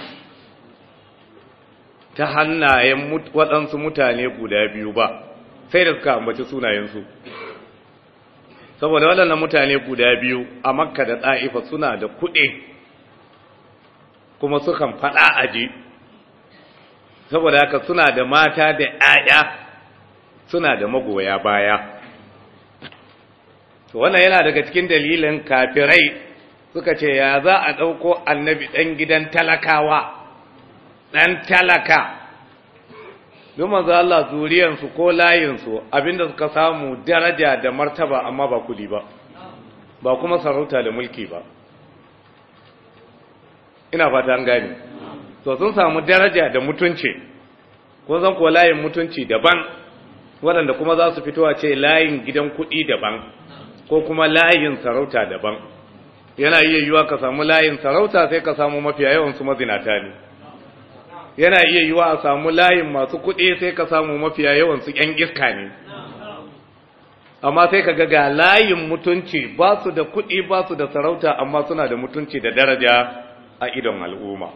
ta hannayen waɗansu mutane guda biyu ba sai da suka ambaci sunayensu saboda waɗannan mutane guda biyu a makka da ɗa'ifa suna da kuɗe kuma sukan faɗa a ji, saboda haka suna da mata da ‘ya'ya suna da magoya baya wannan yana daga cikin dalilin kafirai suka ce ya za a ɗauko annabi ɗan gidan talakawa ɗan talaka don manzo Allah zuriyansu ko layinsu abinda suka samu daraja da martaba amma ba kudi ba ba kuma sarauta da mulki ba ina fata an gane to sun samu daraja da mutunci ko zan ko layin mutunci daban waɗanda kuma za su fito a ce layin gidan kuɗi daban ko kuma layin sarauta daban yana iya yiwuwa ka samu layin sarauta sai ka samu mafiya yawan su mazinata ne yana iya yiwa a samu layin masu kuɗi sai ka samu mafiya yawan su ƴan iska ne amma sai ka ga layin mutunci ba su da kuɗi ba su da sarauta amma suna da mutunci da daraja a idon al'umma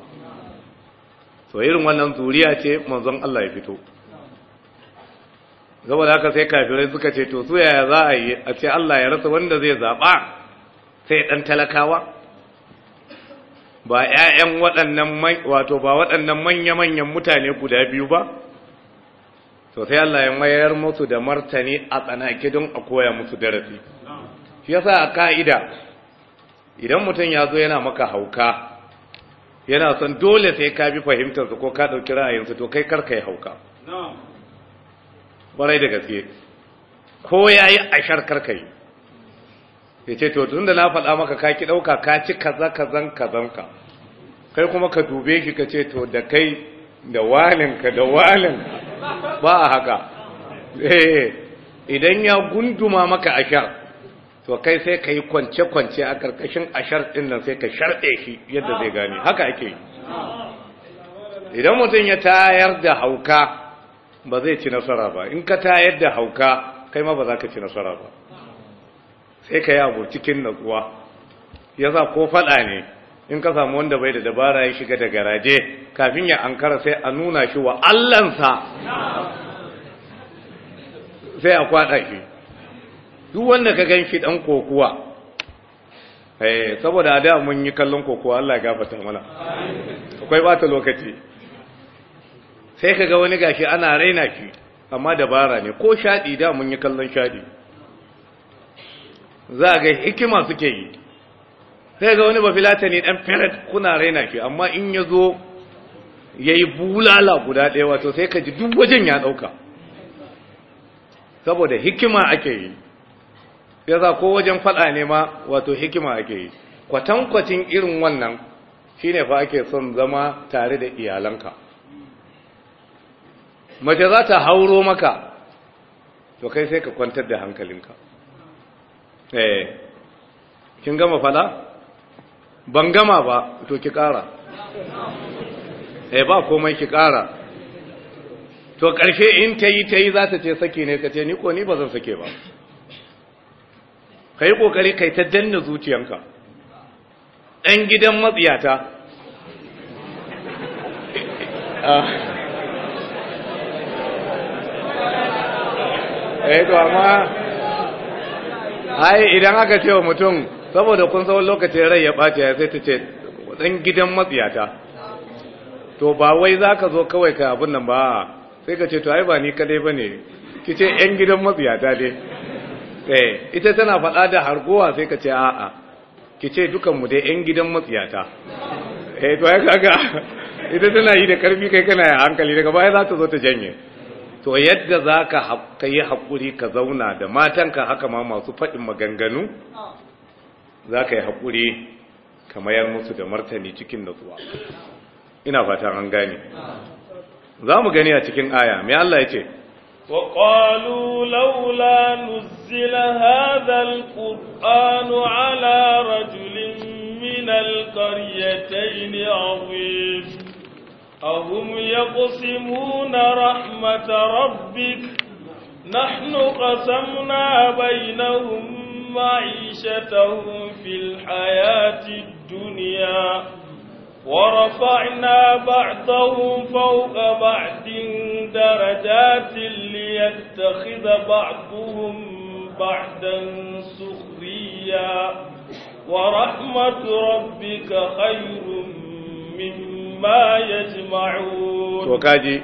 so irin wannan zuriya ce manzon Allah ya fito saboda haka sai kafirai suka ce to su yaya za a yi a ce Allah ya rasa wanda zai zaɓa sai ɗan talakawa ba 'ya'yan waɗannan wato ba waɗannan manya-manyan mutane guda biyu ba to sai Allah ya mayar musu da martani a tsanake don a koya musu darasi shi yasa a ka'ida idan mutum ya zo yana maka hauka yana son dole sai ka bi fahimtarsa ko ka ɗauki ra'ayinsa to kai karka yi hauka barai da gaske ko ya yi ashar karka yi ya ce to tun da na faɗa maka ka ki ɗauka ka ci kaza kazan kazan ka kai kuma ka dube shi ka ce to da kai da walinka da walin ba a haka eh idan ya gunduma maka ashar to kai sai ka yi kwance-kwance a karkashin ashar ɗinnan nan sai ka sharɗe shi yadda zai gane haka ake yi idan mutum ya tayar da hauka ba zai ci nasara ba in ka tayar da hauka kai ma ba za ka ci nasara ba sai ka yi abu cikin natsuwa yasa ko faɗa ne in ka samu wanda bai da dabara ya shiga da garaje kafin ya ankara sai a nuna shi wa allansa sai a kwaɗa shi duk wanda ka gan shi ɗan kokuwa eh, saboda da mun yi kallon kokuwa Allah ya gafata mana akwai bata lokaci sai ka ga wani gashi ana raina shi amma dabara ne ko shaɗi da mun yi kallon shaɗi za a ga hikima suke yi sai ga wani bafilata ne dan ferret kuna raina ke, amma in ya zo ya yi bulala guda ɗaya wato sai ka ji duk wajen ya ɗauka saboda hikima ake yi ya za ko wajen faɗa ne ma wato hikima ake yi kwatankwacin irin wannan shine fa ake son zama tare da iyalanka mace za ta hauro maka to kai sai ka kwantar da hankalinka eh kin gama fada ban gama ba to ki kara eh ba komai ki kara to ƙarshe in ta yi ta yi za ta ce saki ne ka ce ni ko ni ba zan sake ba ka yi ƙoƙari kai ta danna zuciyanka ɗan gidan matsiyata ah. eh to amma ai idan aka ce wa mutum saboda kun tsawon lokacin rai ya ɓace ya sai ta ce ɗan gidan matsiyata to ba wai za ka zo kawai ka abin nan ba sai ka ce to ai ba ni kadai ba ne ki ce ‘yan gidan matsiyata ne eh, ita tana faɗa da hargowa sai ka ce a'a ki ce dukanmu dai ‘yan gidan matsiyata eh to ai kaga ita tana yi da karfi kai kana hankali daga baya za ta zo ta janye to yadda za ka yi haƙuri ka zauna da matanka haka ma masu faɗin maganganu za ka yi haƙuri ka mayar musu da martani cikin natsuwa ina fatan an gane za mu gani a cikin aya mai Allah ya ce laula لولا نزل هذا ala على رجل من القريتين عظيم أهم يقسمون رحمة ربك نحن قسمنا بينهم معيشتهم في الحياة الدنيا ورفعنا بعضهم فوق بعض درجات ليتخذ بعضهم بعدا سخريا ورحمة ربك خير مما ma yajma'un to kaji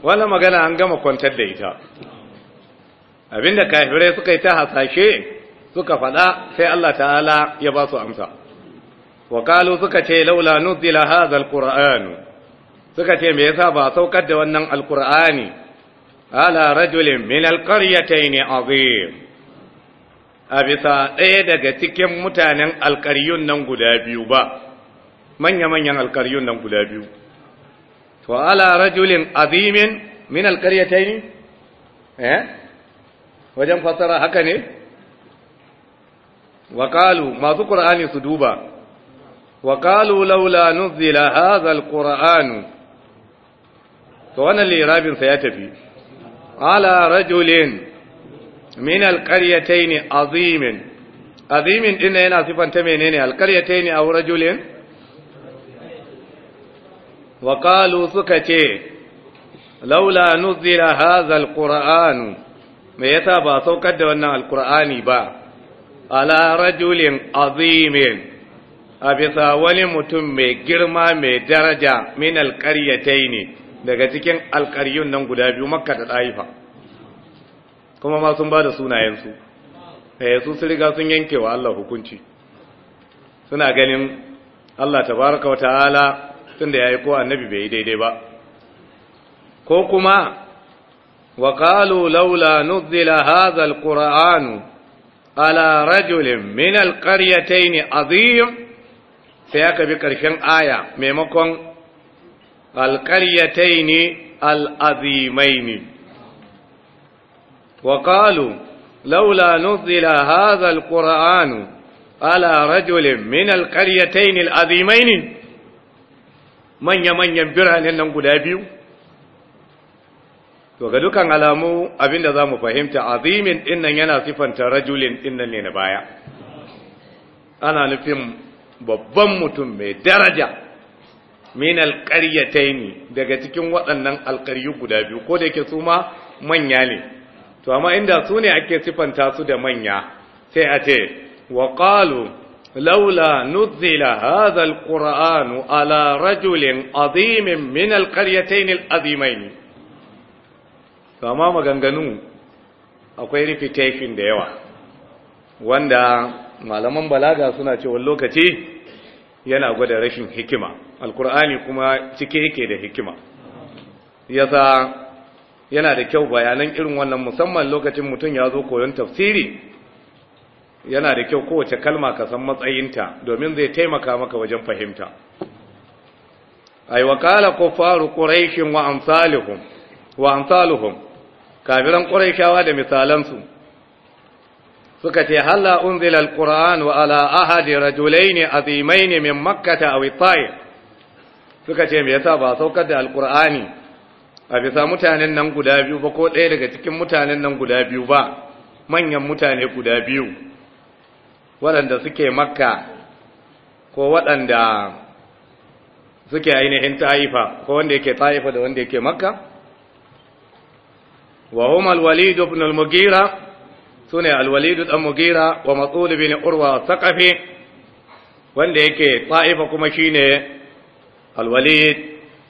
wannan magana an gama kwantar da ita abinda kafirai suka yi ta hasashe suka faɗa sai Allah ta'ala ya ba su amsa wa suka ce laula nuzila hadha alquran suka ce me yasa ba saukar da wannan alqur'ani ala rajulin min alqaryatayn azim a bisa ɗaya daga cikin mutanen alƙaryun nan guda biyu ba manya-manyan alkaryun nan guda biyu to ala rajulin azimin min alkaryataini eh wajen fasara haka ne waqalu masu qur'ani su duba waqalu laula nuzila hadha alqur'anu to wannan lirabin ya tafi ala rajulin min alkaryataini azimin azimin din yana sifanta menene alkaryataini aw rajulin Wakalu suka ce, laula hazal وقالوا سكتي لولا نزل هذا القرآن ما يتابع سوكد وانا القرآن با wani mutum mai girma mai daraja درجة من ne daga cikin alkaryun nan guda biyu makka da ɗaifa kuma ma sun ba da sunayensu eh su su riga sun yanke wa Allah hukunci suna ganin Allah tabaraka wa ta'ala tunda ya yi ko annabi bai yi daidai ba ko kuma wa laula nuzila hazal alquran ala rajulin min alqaryatayn azim sai aka bi karshen aya maimakon alqaryatayn alazimain wa qalu laula nuzila hadha ala rajulin Minal, من القريتين العظيمين manya-manyan biranen nan guda biyu to ga dukan alamu abinda za mu fahimta azimin dinnan yana sifanta rajulin dinnan ne na baya ana nufin babban mutum mai daraja min alƙaryataini daga cikin waɗannan alƙaryu guda biyu ko da yake su ma manya ne to amma inda su ne ake sifanta su da manya sai a ce wa qalu لولا نزل هذا القرآن على رجل عظيم من القريتين العظيمين فما مغنغنو akwai rufi taifin da yawa wanda malaman balaga suna cewa lokaci yana gwada rashin hikima alkur'ani kuma cike yake da hikima yasa yana da kyau bayanan irin wannan musamman lokacin mutum ya zo koyon tafsiri yana da kyau kowace kalma ka san matsayinta domin zai taimaka maka wajen fahimta ai wa qala kufaru quraish wa amsalihum wa amsalihum kafiran quraishawa da misalansu suka ce halla unzila alquran wa ala ahadi rajulain azimain min makkah aw ta'if suka ce me yasa ba saukar da alqurani a bisa mutanen nan guda biyu ba ko ɗaya daga cikin mutanen nan guda biyu ba manyan mutane guda biyu waɗanda suke makka ko waɗanda suke ainihin ta'ifa ko wanda yake ta'ifa da wanda yake makka wa huma al-walid ibn al-mughira sune al-walid ibn mughira wa mas'ud ibn urwa thaqafi wanda yake ta'ifa kuma shine al-walid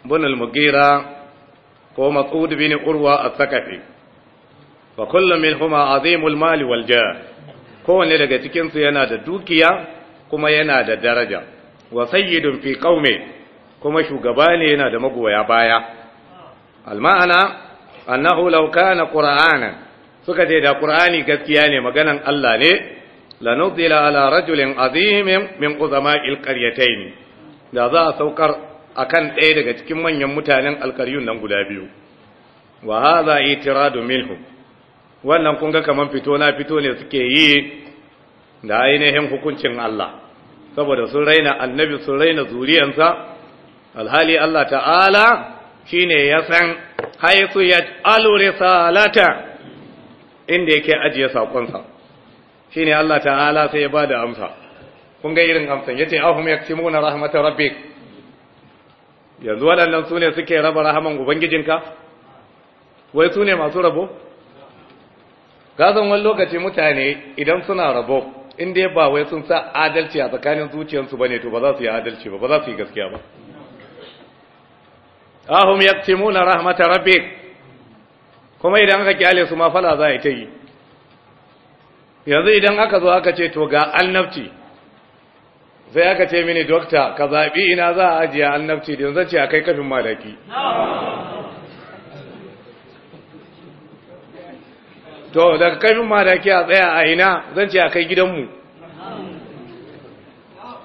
ibn al-mughira ko mas'ud ibn urwa a thaqafi wa kullu minhuma azimul mali wal Kowane daga cikinsu yana da dukiya kuma yana da daraja wa sayyidun fi qaumi kuma shugaba ne yana da magoya baya alma'ana annahu law kana qur'ana suka ce da qur'ani gaskiya ne maganan Allah ne lanuzila ala rajulin azimin min uzama'il qaryatayn da za a saukar akan ɗaya daga cikin manyan mutanen alkaryun nan guda biyu wa hadha itiradu minhum wannan kun ga kaman fito na fito ne suke yi da ainihin hukuncin Allah saboda sun raina annabi sun raina zuriyansa alhali Allah ta'ala shine ya san haisu ya alu risalata inda yake ajiye sakonsa shine Allah ta'ala sai ya bada amsa kun ga irin amsan yace ahum yaksimuna rahmatar rabbik yanzu waɗannan su ne suke raba rahaman ubangijinka wai su ne masu rabo kasan wani lokaci mutane idan suna rabo inda dai ba wai sun sa adalci a tsakanin zuciyarsu ba ne, to ba za su yi adalci ba ba za su yi gaskiya ba ahum yaktimuna rahmatar rabbe. kuma idan aka kyale su ma fala za a yi ta yi yanzu idan aka zo aka ce to ga annabci sai aka ce mini dokta ka zaɓi ina za a ajiye annabci da yanzu ce a kai kafin malaki to daga kafin madaki a tsaya a ina zan ce a kai gidanmu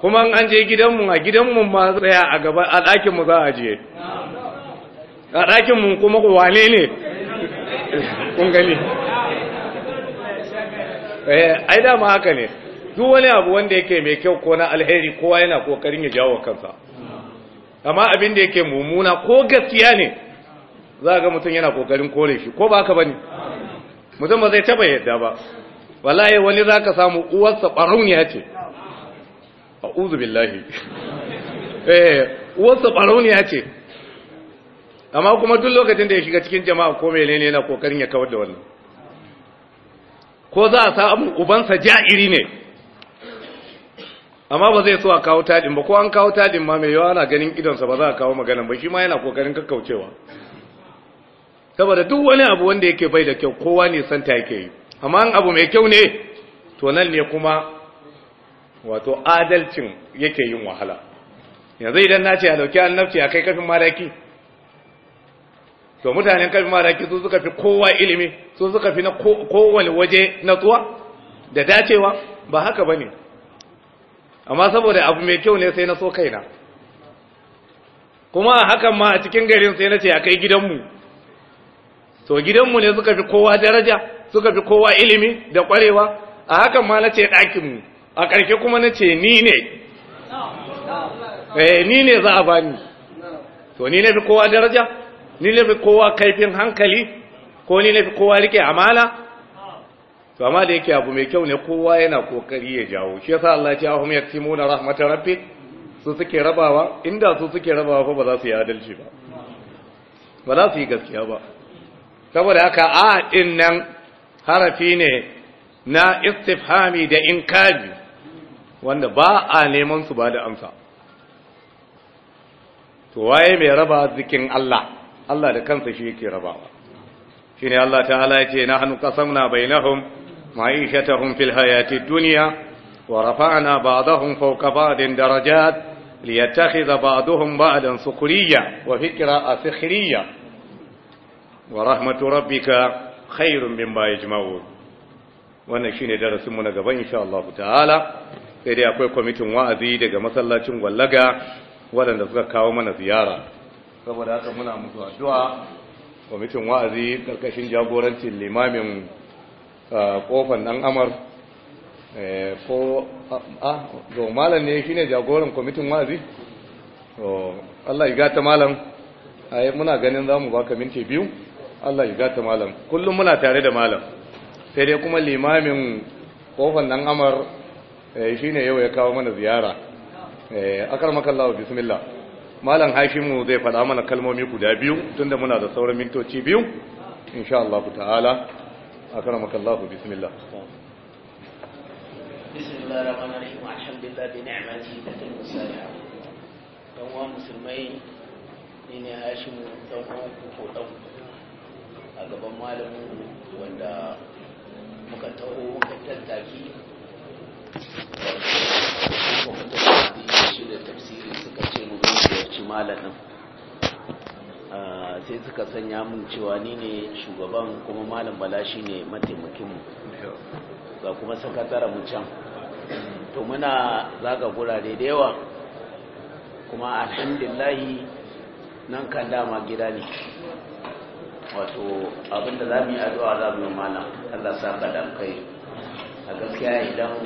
kuma an je gidanmu a gidanmu ma tsaya a gaba a ɗakinmu za a je a ɗakinmu kuma wane ne kun eh, ai dama haka ne duk wani abu wanda yake mai kyau ko na alheri kowa yana kokarin ya jawo kansa amma abin da yake mummuna ko gaskiya ne za ga mutum yana kokarin kore shi ko ba ka ne mutum ba zai taba yadda ba wallahi wani za ka samu uwarsa ɓarauniya ce a uzu billahi eh, uwarsa ɓarauniya ce amma kuma duk lokacin da ya shiga cikin jama'a ko mai ne na kokarin ya kawar da wannan ko za a samu ubansa ja'iri ne amma ba zai so a kawo tadin ba ko an kawo tadin ma mai yawa ana ganin idonsa ba za a kawo maganan ba shi ma yana kokarin kakkaucewa saboda duk wani abu wanda yake bai da kyau kowa ne santa yake yi amma an abu mai kyau ne to nan ne kuma wato adalcin yake yin wahala yanzu idan na ce a dauki annabci a kai kafin maraki to mutanen kafin maraki su suka fi kowa ilimi su suka fi na kowane waje natsuwa da dacewa ba haka ba ne amma saboda abu mai kyau ne sai na so kaina kuma hakan ma a cikin garin sai na ce a kai gidanmu to gidanmu ne suka fi kowa daraja suka fi kowa ilimi da kwarewa a hakan ma na ce ɗakinmu a ƙarshe kuma na ce ni ne eh ni ne za a bani to ni ne fi kowa daraja ni ne fi kowa kaifin hankali ko ni ne fi kowa rike amana to amma da yake abu mai kyau ne kowa yana kokari ya jawo shi yasa Allah ya ce ahum yaktimuna rahmat rabbi su suke rabawa inda su suke rabawa fa ba za su yi adalci ba ba za su yi gaskiya ba saboda haka a din nan harafi ne na istifhami da inkabi wanda ba a neman su ba da amsa to waye mai raba zikin Allah Allah da kansa shi yake rabawa shine Allah ta'ala yace na qasamna bainahum ma'ishatahum fil hayati duniya, wa rafa'na ba'dahum fawqa ba'din darajat liyattakhidha ba'dahum ba'dan sukhriya wa a asikhriya wa rahmatu rabbika khairun mimma yajma'un wannan shine darasin mu na gaba insha Allah ta'ala sai dai akwai kwamitin wa'azi daga masallacin gwallaga waɗanda suka kawo mana ziyara saboda haka muna musu addu'a kwamitin wa'azi karkashin jagorancin limamin kofan dan amar e, ko a go malam ne shine jagoran kwamitin wa'azi Allah ya gata malam ai muna ganin zamu baka minti biyu Allah ya gata malam kullum muna tare da malam sai dai kuma limamin kofan nan amar eh, shine yau ya kawo mana ziyara eh, akarmakallahu bismillah malam hashimu zai faɗa mana kalmomi guda biyu tunda muna da sauran mintoci biyu insha Allah ku ta'ala akarmakallahu bismillah bismillahir rahmanir rahim alhamdulillah bi ni'mati wa musulmai ne hashimu dan uwan ku ko dan a gaban malamu wanda muka taho muka tattaki da tafsiri suka ce mu malamin ah, sai suka sanya mun cewa ni ne shugaban kuma malam bala shi ne mataimakinmu ga kuma sakatara mu can to muna zaga gurare da yawa kuma alhamdulillahi nan kan dama gida ne wato abinda za mu yi addu'a za mu yi malam Allah sa ka da kai a gaskiya idan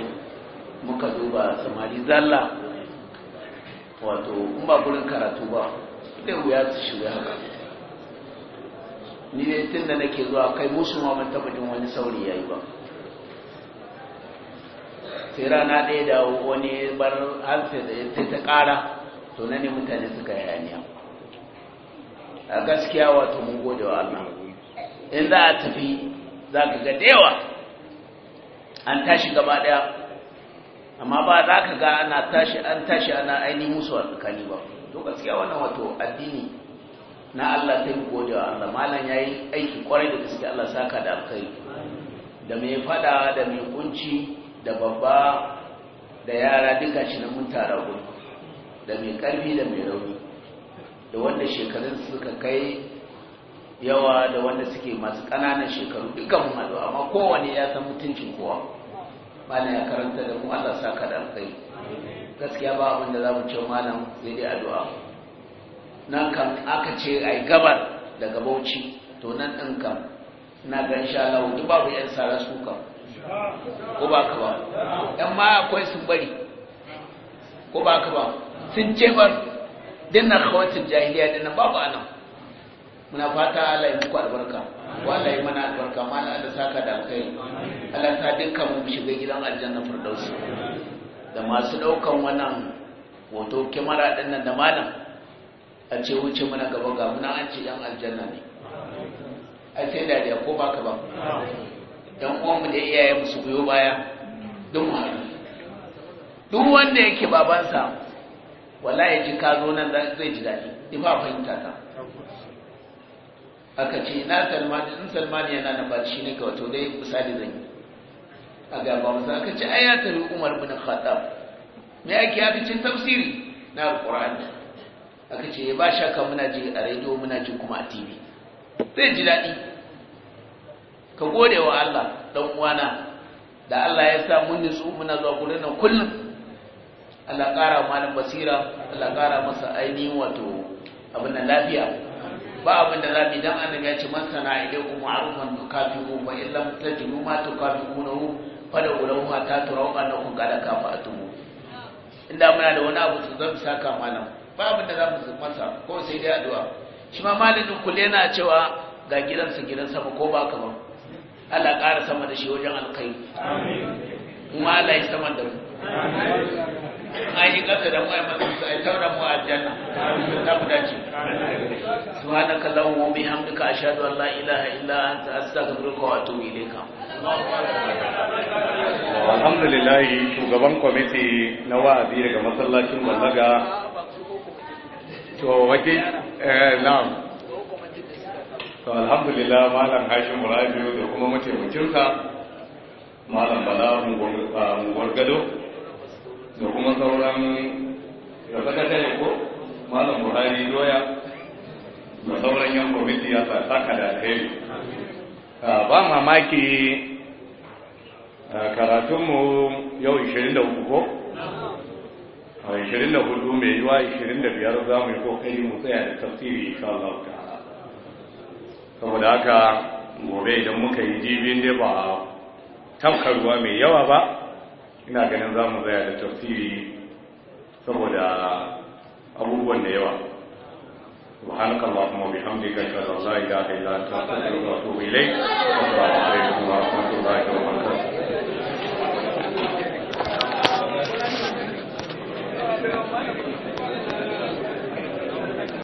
muka duba samari zalla wato in ba gurin karatu ba zai wuya su shiga haka ni ne tun da nake zuwa kai musu ma mun taɓa jin wani sauri yayi ba sai rana ɗaya da wani bar hansa da ya ta ƙara to na ne mutane suka yi yaniya a gaskiya wato mun gode wa Allah in za a tafi za ka ga dewa an tashi gaba daya amma ba za ka ga ana tashi an tashi ana aini musu a tsakani ba to gaskiya wannan wato addini na Allah sai mu gode wa Allah malam yayi aiki kwarai da gaske Allah saka da alkai da mai fada da mai kunci da babba da yara duka shi na mun tara gudu da mai karfi da mai rauni da wanda shekarun suka kai yawa da wanda suke masu ƙananan shekaru dukkan malu amma kowane ya san mutuncin kowa na ya karanta da mu Allah saka da alƙai gaskiya ba abin da za mu ce malam sai dai addu'a nan kan aka ce ai gabar daga Bauchi to nan din kan ina ga insha Allah duk ku yan sara su kan ko ba ka ba dan ma akwai sun bari ko ba ka ba sun ce bar dinna khawatin jahiliya dinna babu anan muna fata Allah ya muku albarka wallahi mana albarka mana Allah saka da kai Allah ta dinka mu shiga gidan aljanna firdausi da masu daukan wannan hoto kamera nan da malam a ce wuce muna gaba ga muna an ce yan aljanna ne a ce da ya ko baka ba uwan mu da iyayen mu su goyo baya duk wanda yake babansa ya ji ka zo nan zai ji daɗi ba fahimta ta aka ce na salmani in salmani yana nan ba shi ne ga to dai misali zan yi a gaba musa aka ce ai ya tafi umar bin khattab me yake aka ce tafsiri na alquran aka ce ba shakka muna ji a radio muna ji kuma a tv zai ji daɗi ka gode wa Allah dan uwana da Allah ya sa mun nutsu muna zuwa gurin nan kullum Allah ƙara malam basira Allah ƙara masa ainihin wato abin da lafiya ba abin da zafi dan annabi ya ce man sana ku ma'rufan tukafiru wa illam tajidu ma tukafirunahu fala ulahu hatta turaw annakum qad kafa'tum inda muna da wani abu su zan saka malam ba abin da zamu masa ko sai dai addu'a shi ma malamin kulle yana cewa ga gidansa gidan sama ko ba ka ba Allah ƙara sama da shi wajen alkai amin kuma Allah ya sama da mu amin ainihin ƙasa da mu a matsinsu a taura mu a aljanna ta mu dace subhanaka allahumma wa ka ashhadu an la ilaha illa anta astaghfiruka wa atubu ka. alhamdulillah shugaban kwamiti na wa'azi daga masallacin ballaga to waje eh na'am to alhamdulillah malam hashim rabiu da kuma mataimakinsa malam bala mun gwargado ah, da kuma sauran da ne ko malam buhari doya da sauran yan kwamiti ya sa saka da alheri ah, ba mamaki ah, karatunmu yau 23 ko? 24 ah, mai yiwa 25 za mu yi kokari mu tsaya da tafsiri insha Allah ta'ala saboda haka gobe idan muka yi jibin da ba tafkarwa mai yawa ba ina ganin za mu zaya da tafsiri saboda abubuwan da yawa wa halka ba kuma bi hamdi ka ka da za ya ga da ta wa ba kuma ka ba